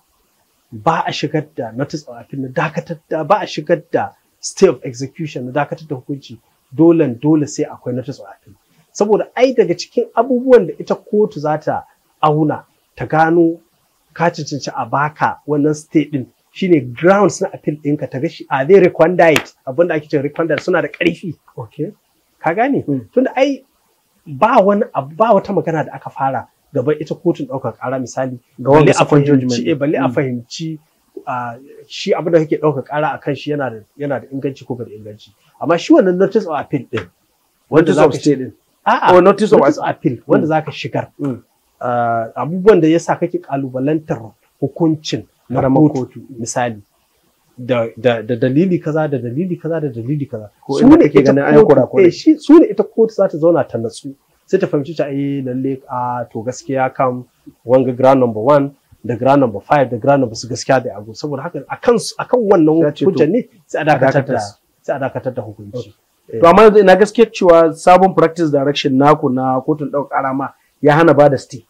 ba a shigar da notice of appeal na dakatar da ba a shigar da stay of execution na dakatar da hukunci dole dole sai akwai notice of appeal saboda ai daga cikin abubuwan da ita kotu za ta auna ta gano ka cancanci a baka wannan state din shine grounds na appeal ɗinka ta gashi a they recondite abinda ake cewa recondite suna da ƙarfi okay ka gane hmm. tunda ai ba wani ba wata magana da aka fara gaban ita kotun ɗaukar ƙara misali ga wanda a fahimci balle a fahimci eh, hmm. ah, shi abin da kake ɗaukar ƙara akan shi yana da inganci ko bai da inganci amma shi wannan notice of appeal din wanda za ka a'a notice of appeal wanda mm. za ka shigar mm. ah, abubuwan da yasa kake kalubalantar hukuncin na kotu misali da, da, da dalili kaza da dalili kaza da dalili kaza su ne ita ganin eh, shi su ne ita kotu za ta zauna ta natsu sai ta fahimci ta eh lalle a to gaskiya kam wanga ground number one da ground number five da ground number su gaskiya da ago. saboda haka akan akan wannan hujja ne sai a dakatar da ta a dakatar da hukunci eh. to amma yanzu ina gaskiya cewa sabon practice direction naku na kotun ɗaukar ƙara ya hana ba da stay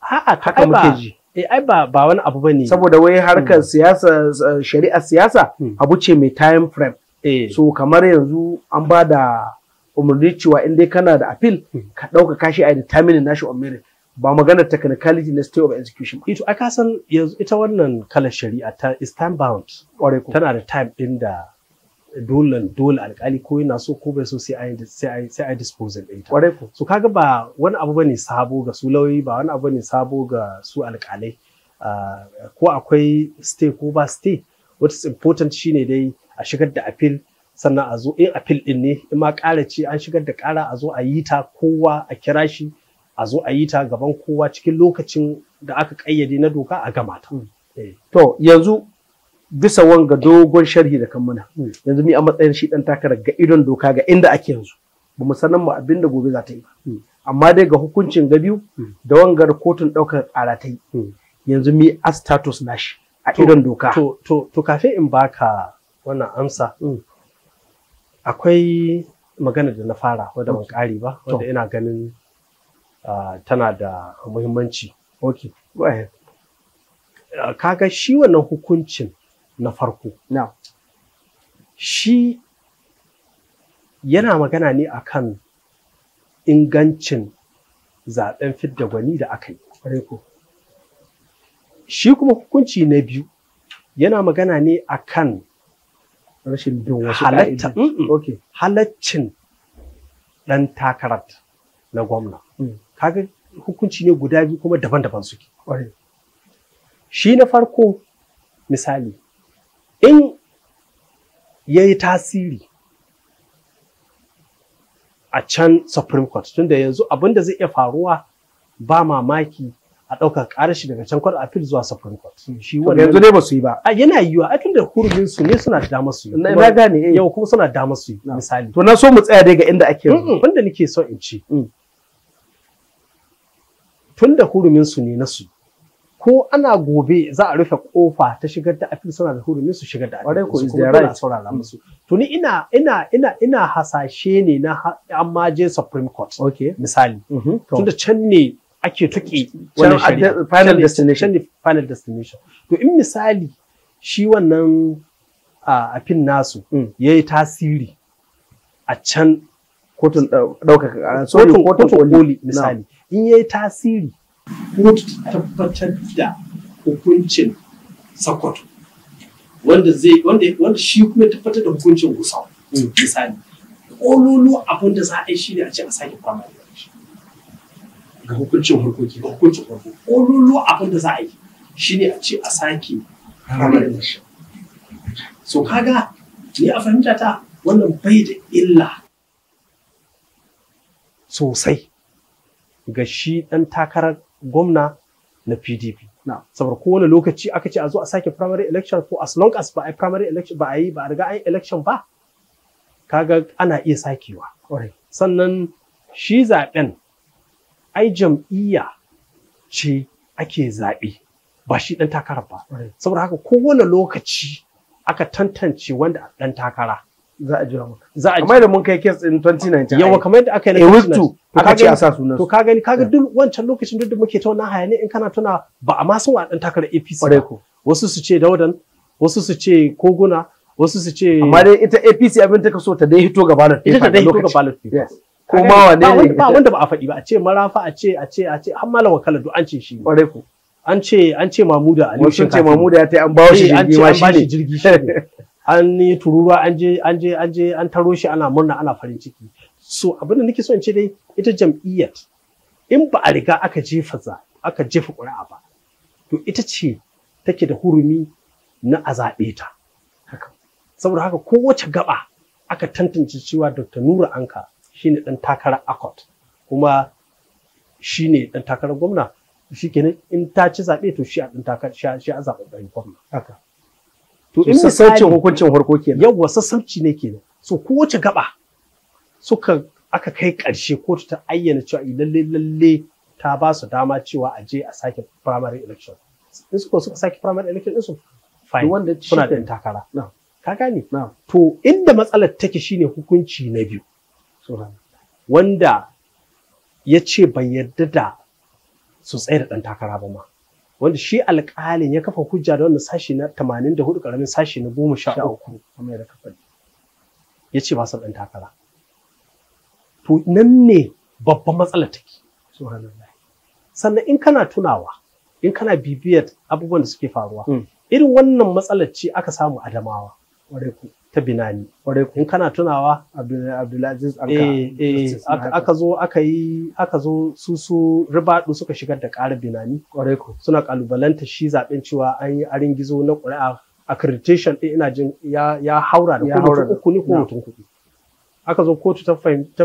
a'a haka muke ji eh, ai ba ba wani abu bane saboda wai harkar hmm. siyasa shari'a siyasa hmm. abu ce mai time frame eh. so kamar yanzu an ba da umarni cewa in dai kana da appeal hmm. ka ɗauka kashi a determining nashi on merit ba magana technicality na state of execution Ito a kasan yanzu ita wannan kalar shari'a ta is time bound. Tana da time ɗin da dole dole alkali ko yana so ko bai so sai ai sai sai ai disposal din ta kwarai ko so kaga ba wani abu bane sabo ga su lauyi ba wani abu bane sabo ga su alkalai ah, ko akwai stay ko ba stay what is important shine dai a shigar da appeal sannan a zo in eh, appeal din ne in ma ƙara ce an shigar da ƙara a zo a yi ta kowa a kira shi a zo a yi ta gaban kowa cikin lokacin da aka ƙayyade na doka a gamata. ta. Hmm. Eh. To yanzu bisa wanga dogon sharhi da kan muna hmm. yanzu ni a matsayin shi dan takarar ga idon doka ga inda ake yanzu ba mu sanan mu abin da gobe za ta yi ba hmm. amma dai ga hukuncin ga biyu hmm. da wangar kotun daukar alatai. ta yi yanzu mi a status nashi a idon doka to to to kafin in baka wannan amsa akwai magana da na fara wadda ban kare ba wadda ina ganin tana da muhimmanci okay go ahead kaga shi wannan hukuncin na farko na shi yana magana ne akan ingancin zaben fidda gwani da aka yi shi kuma hukunci na biyu yana magana ne akan rashin bin wasu halaccin ɗan takarar na gwamna mm. kaga hukunci ne guda biyu kuma daban-daban suke shi na farko misali in ya yi tasiri a can Supreme Court tunda yanzu abin da zai iya faruwa ba mamaki a ɗaukar ƙarashi daga can kwar appeal zuwa Supreme Court. Shi wani yanzu ne ba su yi ba. A yana yiwuwa a tunda hurumin su ne suna da damar su yi. Na gane eh. Yau kuma suna da damar su yi misali. To na so mu tsaya dai ga inda ake. Wanda nake so in ce. Mm. Tunda hurumin su ne na su. ko ana gobe za a rufe kofa ta shigar da afil suna da hurumin su shigar da afil ko kuma tana saurara mm. musu to ni ina ina ina ina hasashe ne na amma je supreme court okay misali mm-hmm. da can ne ake tuki final destination ne final destination to in misali shi wannan afin nasu mm. yayi tasiri a can kotun ɗaukaka kotun koli misali in yayi tasiri kotu ta tabbatar da hukuncin sakwato wanda zai wanda shi kuma ya tabbatar da hukuncin gusau mm. misali ƙololo abin da za a yi shi ne a ce a sake kwana ga hukuncin harkoki, ga hukuncin farko ƙololo abin da za a yi shi ne a ce a sake kwana da shi so kaga ni a fahimta ta wannan bai da illa sosai ga shi ɗan takarar gwamna na PDP. Saboda kowane lokaci aka ce a zo a sake primary election ko as long as ba a yi primary election ba a yi ba a riga an election ba kaga ana iya sakewa. Sannan shi zaben ai jam'iyya ce ake zaɓe ba shi ɗan takara ba. Saboda haka kowane lokaci aka tantance wanda ɗan takara za a jira mu za a kamar da mun kai kes din 2019 yawa kamar da aka yi na 2019 ka ce a sa sunan to ka gani ga duk wancan lokacin duk da muke tauna hayani in kana tuna ba a ma sun wa dan takarar APC ba wasu su ce Daudan wasu su ce Koguna wasu su ce amma dai ita APC abin ta kaso ta dai hito gaba da ita ta dai hito gaba da ko ma wane ne ba wanda ba a faɗi ba a ce marafa a ce a ce a ce har malama kala duk an ce shi ne. ko an ce an ce Mamuda Ali shi ce Mamuda ya ta an bawo shi eh, jirgi ma shi ne. an yi tururuwa an je an je an je an taro shi ana murna ana farin ciki so abin da nake so in ce dai ita jam'iyyar in ba a riga aka jefa za aka jefa ƙuri'a ba to ita ce take da hurumi na a zaɓe ta saboda haka kowace gaba aka tantance cewa dr nura anka shine dan takarar akot kuma shine dan takarar gwamna shi kenan in ta ci zaɓe to shi a dan takarar shi a zaɓen gwamna haka to in sassancin hukuncin farko kenan yawwa sassanci ne kenan so kowace gaba suka aka kai ƙarshe kotu ta ayyana cewa eh, lalle lalle ta ba su dama cewa a je a sake primary election in suka suka sake primary election din su fine wanda suna da takara ka gane to inda matsalar take shine hukunci na biyu wanda ya ce bai yarda da su tsaye da ɗan takara ba ma wanda shi alƙalin ya kafa hujja da wannan sashi na 84 karamin sashi na 13 ya ce ba su ɗan takara to nan ne babban matsala take sannan in kana tunawa in kana bibiyar abubuwan da suke faruwa hmm. irin wannan matsalar ce aka samu adamawa ku ta binani in kana tunawa abdulaziz anka eh, eh, aka zo aka yi aka zo su su ribadu suka shigar da ƙara binani ku. suna kalubalanta shi zaben cewa an yi arin gizo na ƙuri'a accreditation ɗin ina jin ya haura da kuma uku ne ko mutum kuɗi aka zo kotu ta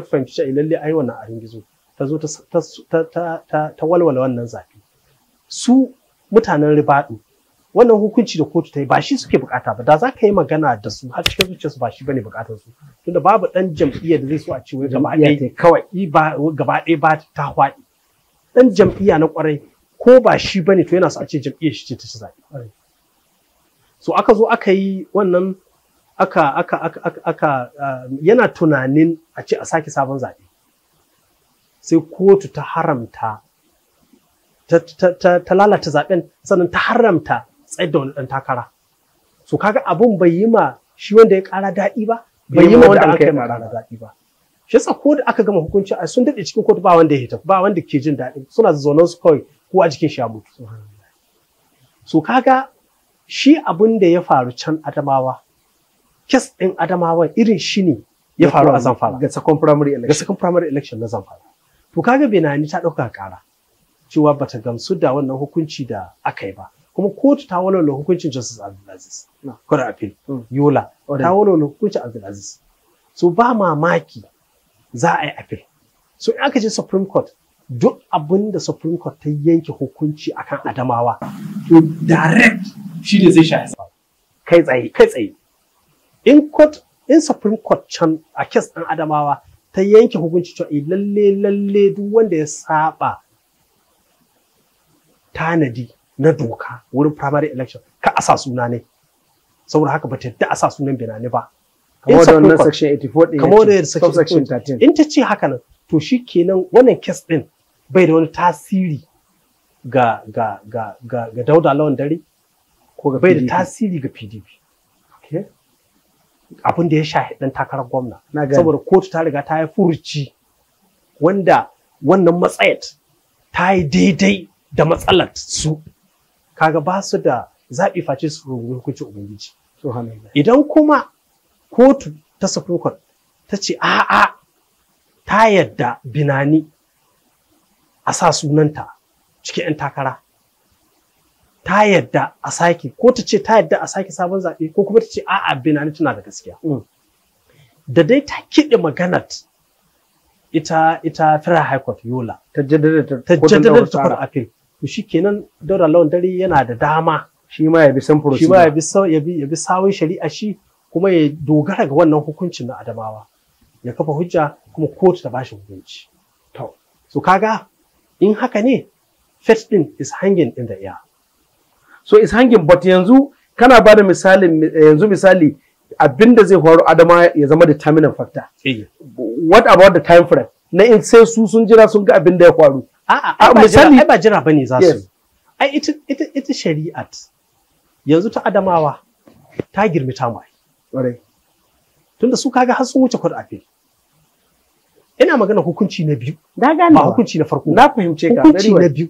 fahimci cewa eh, lalle an yi wannan arin gizo ta zo ta walwala wannan zafi su mutanen ribadu wannan hukunci da kotu ta yi ba shi suke bukata ba da za ka yi magana da su har cikin zuciyarsu ba shi bane bukatar su tunda babu dan jam'iyyar da zai so a ce wai gaba ɗaya kawai gaba ɗaya ba ta hwaɗi dan jam'iyya na kwarai ko ba shi bane to yana so a ce jam'iyyar shi ce ta ci zaɓe so aka zo aka yi wannan aka aka aka eh, yana tunanin a ce a sake sabon zaɓe sai kotu ta haramta ta lalata zaɓen sannan ta haramta tsayar da wani ɗan takara so kaga abun bai yi ma shi wanda ya ƙara daɗi ba bai yi ma wanda aka yi ma daɗi ba shi yasa ko da aka gama hukunci a sun daɗe cikin kotu ba wanda ya tafi ba wanda ke jin daɗi suna zaunan su kawai ko a jikin shi mutu so kaga shi abun da ya faru can adamawa kes ɗin adamawa irin shi ne ya faru a zamfara ga second primary election ga second primary election na zamfara to kaga benani ta ɗauka kara cewa bata gamsu da wannan hukunci da aka yi ba kuma kotu ta walwala hukuncin Justice Abdulaziz. kwarar Appeal, mm. Yola, ta walwala hukuncin Abdulaziz. So ba mamaki za a yi appeal. So in aka ce Supreme Court, duk abin da Supreme Court ta yanke hukunci akan Adamawa, to direct shi ne zai shafi. Kai tsaye, kai tsaye. In court, in Supreme Court can a kes ɗan Adamawa ta yanke hukunci cewa eh, lalle lalle duk wanda ya saba tanadi na doka wurin primary election ka a sa suna ne saboda haka ba ta yadda a sa sunan binane ba kamar da wannan section 84 din kamar da section 13 in ta ce haka nan to shi kenan wannan case din bai da wani tasiri ga ga ga ga, ga Dauda Lawan Dare ko ga bai da tasiri ga PDP abin da ya sha dan takarar gwamna saboda kotu ta riga ta yi furuci wanda wannan matsayat ta yi daidai da matsalar su kaga ba su da zaɓi face su rungumi hukuncin ubangiji idan kuma kotu ta sufukon ta ce a'a ta yadda binani a sa sunanta cikin 'yan takara ta yadda a sake ko ta ce ta yadda a sake sabon zaɓe ko kuma ta ce a'a binani tana da gaskiya mm. da dai ta kiɗe maganar ita ita federal high court yola ta jaddada ta court appeal to kenan daura lawan dare yana da dama shi ma ya bi san shi ma ya bi sawun shari'a shi kuma ya dogara ga wannan hukuncin na adamawa ya kafa hujja kuma kotu ta bashi hukunci to so kaga in haka ne first din is hanging in the air so is hanging but yanzu kana ba da misali yanzu misali abinda zai faru adama ya zama determinant factor eh. what about the time frame na in sai su sun jira sun ga abin da ya faru A'a, misali ba jira ne za su. Ai ita shari'at yanzu ta Adamawa ta girmi ta mai. Tunda su kaga har sun wuce kur'afe. Ina magana hukunci na biyu. Na gane. Ba hukunci na farko. Na fahimce ka. Hukunci na biyu.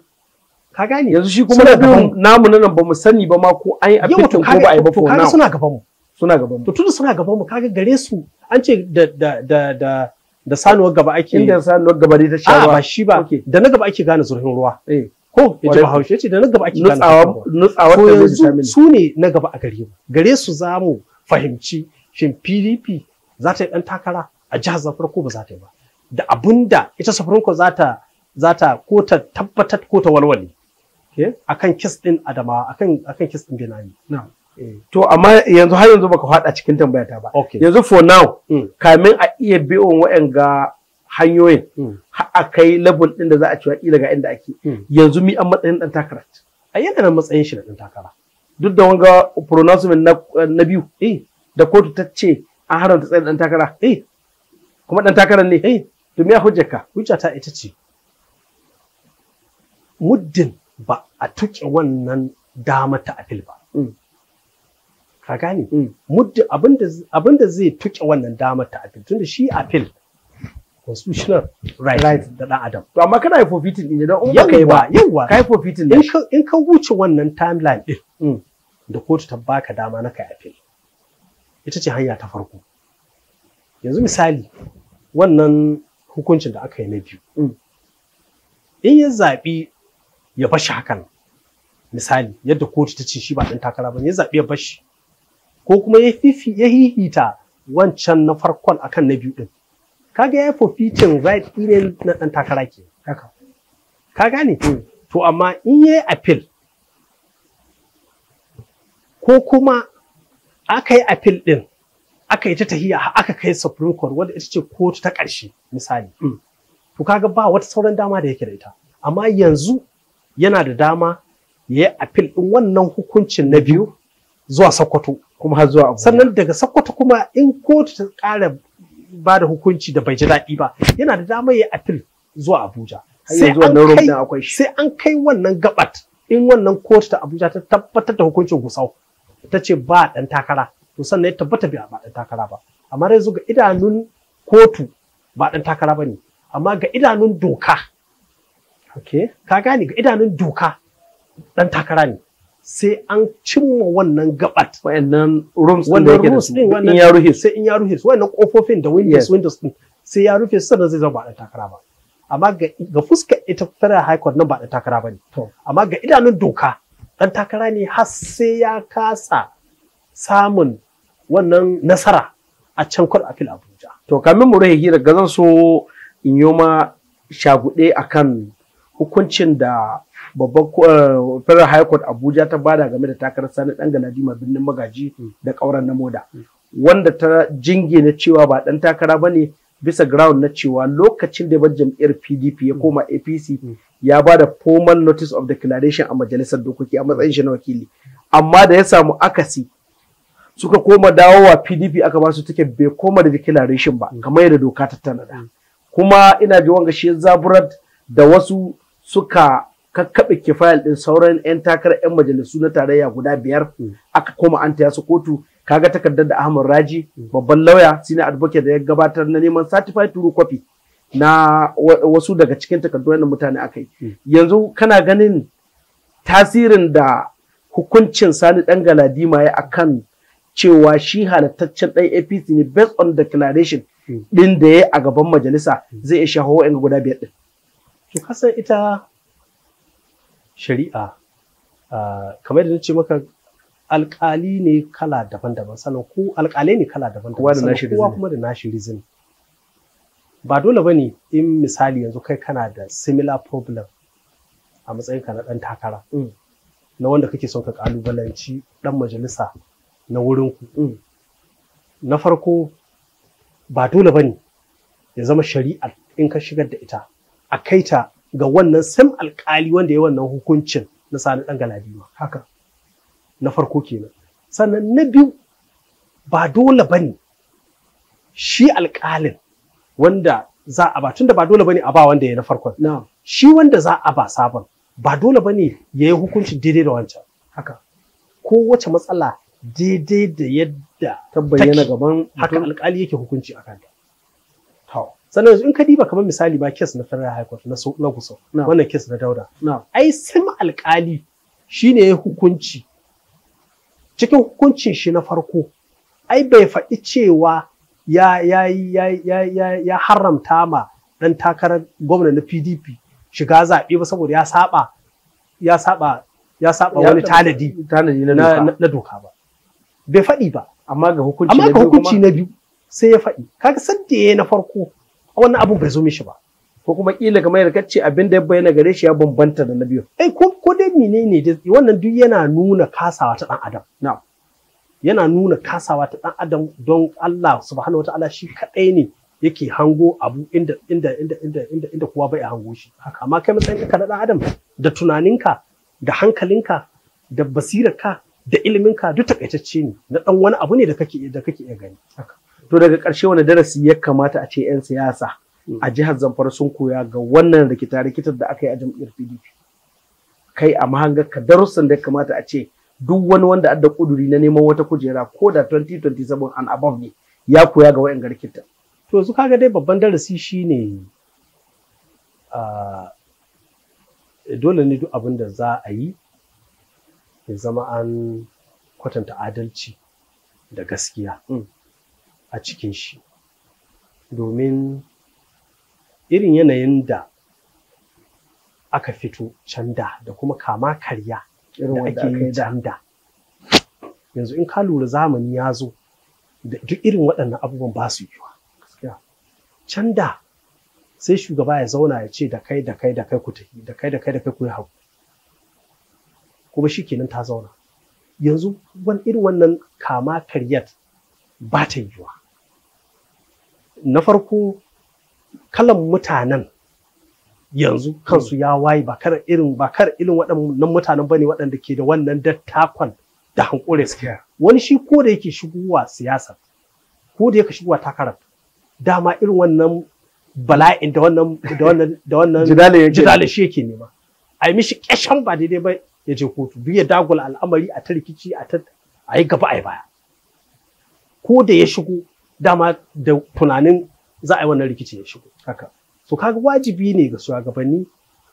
Ka gane. Yanzu shi kuma na biyu namu na nan ba mu sani ba ma ko an yi appeal ko ba a yi ba ko na. suna gaban mu. Suna gaban mu. To tunda suna gaban mu kaga gare su an ce da da da da sanuwar gaba ake inda sanuwar gaba ne ta sha ruwa ba shi ba da na gaba ake gane zurfin ruwa eh. ko ita bahaushe ce da na gaba ake gane nutsawa ko yanzu su ne na gaba a gare mu gare su za mu fahimci shin PDP za ta yi dan takara a jihar Zamfara ko ba za ta yi ba da abinda ita Safarinko za ta za ta ko ta tabbatar ko ta walwale akan kis din Adamawa akan akan kis din Benami na'am to amma yanzu har yanzu baka faɗa cikin tambaya ta ba yanzu for now mm. kamin a iya biyo ga hanyoyin mm. a kai level ɗin da za a cewa ƙila ga inda ake mm. yanzu mi an matsayin ɗan takara a yana nan matsayin shi da ɗan takara duk da wanga pronouncement na biyu eh. da kotu ta ce an haramta tsayin ɗan takara eh. kuma ɗan takara ne eh. to me hujjar ka hujja ta ita ce muddin ba a tuke wannan dama ta apil ba ka gane mm. muddin abinda da zai tuke wannan damar ta appeal tunda shi appeal constitutional right da ɗan adam to amma kana forfeiting din idan in baka ba yawa kai forfeiting ne in ka wuce wannan timeline din mm. da kotu ta baka dama na kai appeal ita ce hanya ta farko yanzu misali wannan hukuncin da aka yi na biyu mm. in ya zaɓi ya bashi hakan misali yadda kotu ta ce shi ba ɗan takara ba ya zaɓi ya bashi ko kuma ya hihita wancan na farkon akan na biyu din kaga ya forfeiting right ɗin na ɗan takara ke ka gane to amma in ya yi appeal ko kuma aka yi appeal din aka yi ta tahiya aka kai supreme court wanda ita ce kotu ta karshe misali hmm. to kaga ba wata sauran dama da yake da ita amma yanzu yana da dama ya yi appeal din wannan hukuncin na biyu zuwa sokoto kuma har zuwa sannan daga sakkwato kuma in kotu ta kara ba da hukunci da bai ji daɗi ba yana da damar ya apil zuwa abuja sai an kai wannan gabat in wannan kotu ta abuja ta tabbatar da hukuncin gusau ta ce ba ɗan takara to sannan ya tabbata bai ba ɗan takara ba amma dai ga idanun kotu ba ɗan takara ba ne amma ga idanun doka ka gane ga idanun doka ɗan takara ne sai an cimma wannan gabat wannan rooms din da yake da su in ya rufe sai in ya rufe su wannan kofofin da windows windows din sai ya rufe sannan zai zama ba da takara ba amma ga fuska ita federal high court nan ba da takara bane. to amma ga idanun doka dan takara ne har sai ya kasa samun wannan nasara a can court appeal abuja to kamin mu rahe hira ga zan so in yoma ma shaguɗe akan hukuncin da babban eh, federal high court abuja ta bada game da takarar sani dan galadima birnin magaji mm. da kauran na moda mm. wanda ta jinge na cewa ba dan takara ba ne bisa ground na cewa lokacin da ban jam'iyyar pdp ya mm. koma apc ya ba da formal notice of declaration a majalisar dokoki a matsayin shi na wakili amma da ya samu akasi suka koma dawowa pdp aka ba su ticket bai koma da declaration ba kamar yadda doka ta tanada kuma ina ji wanga shi zaburat da wasu suka kakkaɓe kifayal ɗin sauran 'yan takarar 'yan majalisu na tarayya guda biyar mm. aka koma an taya su kotu kaga takardar da Ahmad Raji mm. babban lauya senior advocate da ya gabatar na neman certified true copy na wasu daga cikin takardun da mutane akai mm. yanzu kana ganin tasirin da hukuncin Sani Dan Galadima ya akan cewa shi halattaccen ɗan APC ne based on declaration ɗin da ya a gaban majalisa zai iya shaho guda biyar ɗin. kasa ita shari'a ah, kamar yadda ce maka alkali ne kala daban-daban sannan ko alkalai ne kala daban-daban kowa kuma da nashi rizin ba dole ba ne in misali yanzu kai kana da similar problem a matsayinka na ɗan takara mm. na wanda kake son ka kalubalanci ɗan majalisa na wurin ku. Mm. na farko ba dole ba ne ya zama shari'a in ka shigar da ita a kai ta ga wannan sam alkali wanda ya wannan hukuncin na sani ɗan galadima haka na farko kenan sannan na biyu ba dole ba ne shi alkalin wanda za a ba tun da ba dole ba ne a ba wanda ya na farkon shi wanda za a ba sabon ba dole ba ne ya yi hukuncin daidai da wancan haka ko wacce matsala daidai da yadda ta bayyana gaban haka alkali yake hukunci a kanta sannan in ka diba kamar misali ba kes na federal high court na na gusau wannan kes na dauda ai sim alkali shine ya hukunci cikin hukuncin shi na farko ai bai faɗi cewa ya ya ya ya ya haramta ma dan takarar gwamna na PDP shiga zaɓe ba saboda ya saba ya saba ya saba wani tanadi tanadi na doka ba bai faɗi ba amma ga hukunci na biyu sai ya faɗi kaga sadda na farko wannan abun bai zo mishi ba ko kuma kila kamar yadda kace abin da ya bayyana gare shi ya bambanta da na biyu ai eh, ko ko dai menene dai wannan duk yana nuna kasawa ta dan adam na'am yana nuna kasawa ta dan adam don Allah subhanahu wataala shi kadai ne yake hango abu inda inda inda inda inda inda kowa bai hango shi haka amma kai matsayin ka da dan adam da tunaninka da hankalinka da basirarka da iliminka duk takaitacce ne na dan wani abu ne da kake da kake iya gani haka to daga ƙarshe wani darasi ya kamata a ce 'yan siyasa a jihar zamfara sun koya ga wannan rikita rikitar da aka yi a jam'iyyar pdp kai a mahangar ka darussan da ya kamata a ce duk wani wanda adda kuduri na neman wata kujera ko da 2027 an above ne ya koya ga wa'yan rikitar to su kaga dai babban darasi shi ne, ah, dole ne duk abin da za a yi ya zama an kwatanta adalci da gaskiya a cikin shi domin irin yanayin da aka fito can da da kuma kama karya da ake yi can da yanzu in ka lura zamani ya zo da duk irin waɗannan abubuwan ba su yiwa can da sai shugaba ya zauna ya ce da kai da kai da kai ku tafi da kai da kai da kai ku yi hagu kuma shi kenan ta zauna yanzu irin wannan kama karyar ba ta yiwa na farko kalan mutanen yanzu hmm. kansu ya waye ba kar irin ba kar irin waɗannan mutanen bane waɗanda ke da wannan dattakon da hankure wani shi ko da yake shigowa siyasa ko da yake shigowa takarar dama irin wannan bala'in da wannan da wannan da wannan jidale shi yake nema a yi mishi kashan ba daidai ba ya je kotu duk ya dagula al'amari a ta rikici a ta a yi gaba a yi baya ko da ya shigo dama da tunanin za a yi wannan rikici ya shigo haka so kaga wajibi ne ga shugabanni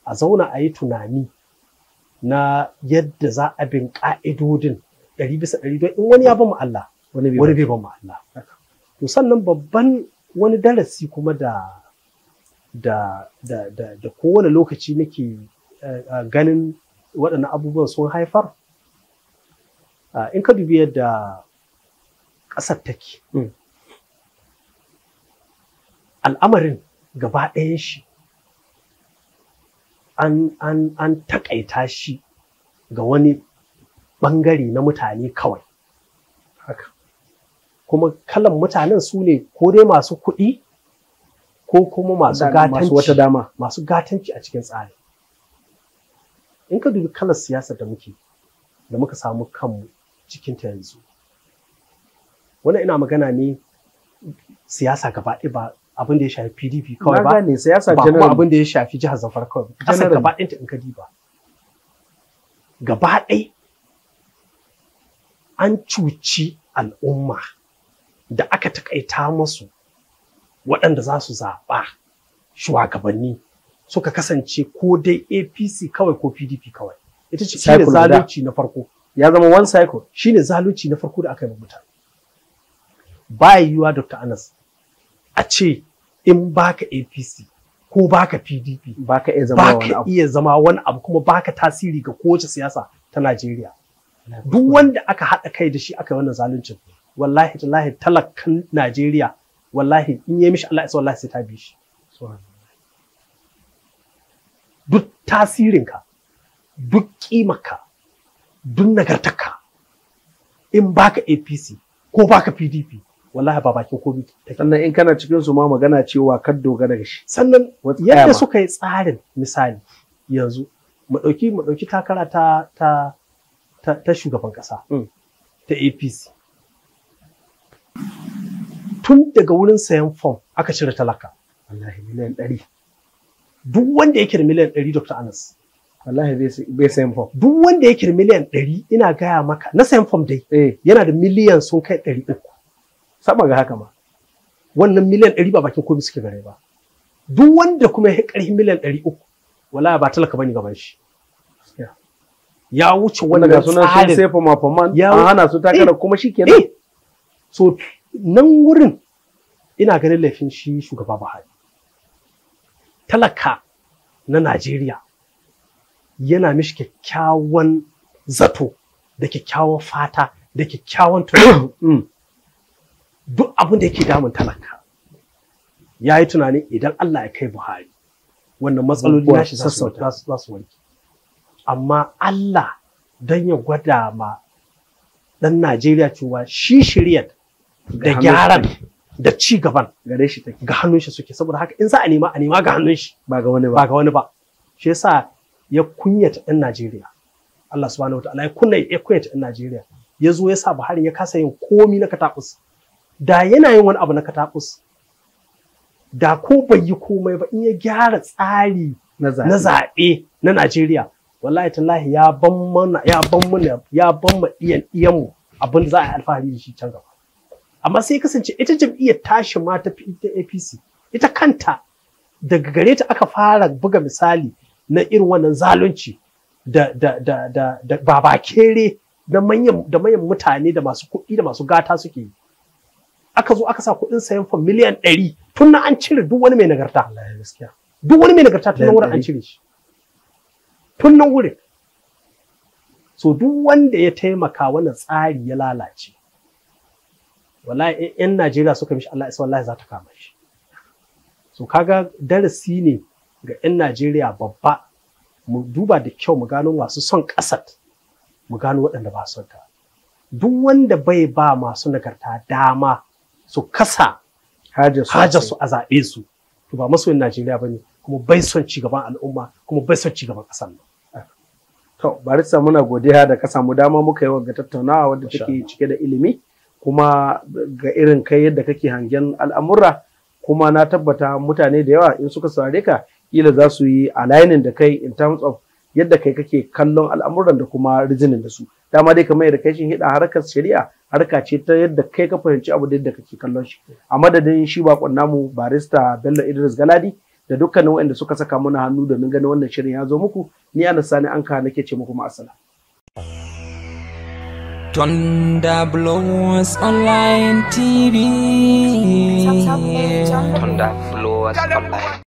a zauna a yi tunani na yadda za a bin ka'idodin ɗari bisa ɗari don in wani ya bamu Allah wani bai bamu Allah to sannan babban wani darasi kuma da da da da, da kowane lokaci nake eh, eh, ganin waɗannan abubuwan sun haifar ah, in ka dubi yadda ƙasar take hmm. al'amarin gaba ɗayan shi an, an, an taƙaita shi ga wani ɓangare na mutane kawai haka kuma kalan mutanen su ne ko dai masu kuɗi ko kuma masu gatanci wata dama masu gatanci a cikin tsari in ka dubi kalan siyasa da muke da muka samu kanmu cikin ta yanzu wannan ina magana ne siyasa gaba ɗaya ba abin da ya shafi PDP kawai ba. Na siyasa ba kuma abin da ya shafi jihar Zamfara kawai. Kasar gaba ɗayanta in ka diba. Gaba ɗai an cuci al'umma da aka takaita musu waɗanda za su zaɓa shugabanni suka kasance ko dai APC kawai ko PDP kawai. Ita ce shi ne zalunci na farko. Ya zama one cycle. Shi ne zalunci na farko da aka yi mutane. Ba yiwuwa Dr. Anas a ce in baka apc ko baka pdp baka iya zama wani abu iya zama wani abu kuma baka tasiri ga kowace siyasa ta najeriya duk wanda aka haɗa kai da shi aka yi wannan zaluncin wallahi tallahi talakan najeriya wallahi in yi mishi allah ya wallahi sai ta bi shi duk tasirinka duk kimaka duk nagartaka in baka apc ko baka pdp wallahi ba bakin komi sannan in kana cikin su ma magana cewa kar dogara da shi sannan yadda suka yi tsarin misali yanzu mu dauki mu dauki takara ta ta ta, ta shugaban kasa mm. ta APC tun daga wurin sayan form aka cire talaka wallahi miliyan ɗari duk wanda yake da miliyan ɗari Dr. Anas wallahi bai sayan fom. Duk wanda yake da miliyan ɗari ina gaya maka na sayan fom dai eh. yana da miliyan sun kai ɗari uku. saba ga haka ma wannan miliyan ɗari ba bakin komi suke gare ba duk wanda kuma ya ƙarfi miliyan ɗari uku wala ba talaka bane gaban shi ya wuce wannan tsarin sai fama faman an hana su eh, takara kuma shikenan eh. so nan wurin ina ganin laifin shi shugaba Buhari talaka na Najeriya yana mishi kyakkyawan zato da kyakkyawan fata da kyakkyawan tunani mm. duk abin da yake damun talaka ya yi tunanin idan Allah ya kai Buhari wannan matsaloli na shi sassauta za su wanke amma Allah don ya gwada ma ɗan Najeriya cewa shi shirya da gyaran da ci gaban gare shi take ga hannun shi suke saboda haka in za a nema a nema ga hannun shi ba ga wani ba ga wani ba shi yasa ya kunyata ɗan Najeriya Allah subhanahu wataala ya kunna ya kunyata ɗan Najeriya ya zo ya sa Buhari ya kasa yin komi na katakus da yana yin wani abu na katakus da ko bai yi komai ba in ya gyara tsari na zaɓe na Najeriya wallahi tallahi ya ban mana ya ban mana ya ban mu iyan iyan mu abin da za a yi alfahari da shi can gaba amma sai kasance ita jam'iyyar tashi ma ta APC ita kanta daga gare ta aka fara buga misali na irin wannan zalunci da da da da, babakere da manyan da manyan mutane da masu kuɗi da masu gata suke yi aka zo aka sa kuɗin sayan fa miliyan ɗari tun an cire duk wani mai nagarta duk wani mai nagarta tun wurin an cire shi tun nan wurin so duk wanda ya taimaka wannan tsari ya lalace wallahi ƴan Najeriya suka mishi Allah isa wallahi za ta kama shi so kaga darasi ne ga ƴan Najeriya babba mu duba da kyau mu gano masu son ƙasar mu gano waɗanda ba son ta duk wanda bai ba masu nagarta dama su kasa su a zaɓe su to ba masoyin Najeriya ba ne kuma bai son ci gaban al'umma kuma bai son ci gaban ƙasar nan. To barista muna godiya da ka samu dama muka yi ga tattaunawa wadda take cike da ilimi kuma ga irin kai yadda kake hangen al'amura kuma na tabbata mutane da yawa in suka saurare ka kila za su yi aligning da kai in terms of yadda kai kake kallon al'amuran da kuma rijinin da su dama dai kamar yadda kai shin hida harkar shari'a harka ce ta yadda kai ka fahimci abu da yadda kake kallon shi a madadin shi bakon namu barista bello idris galadi da dukkanin waɗanda suka saka mana hannu domin gani wannan shirin ya zo muku ni anas sani anka nake ce muku ma'asala Tonda Blowers Online TV. Tonda Blowers Online.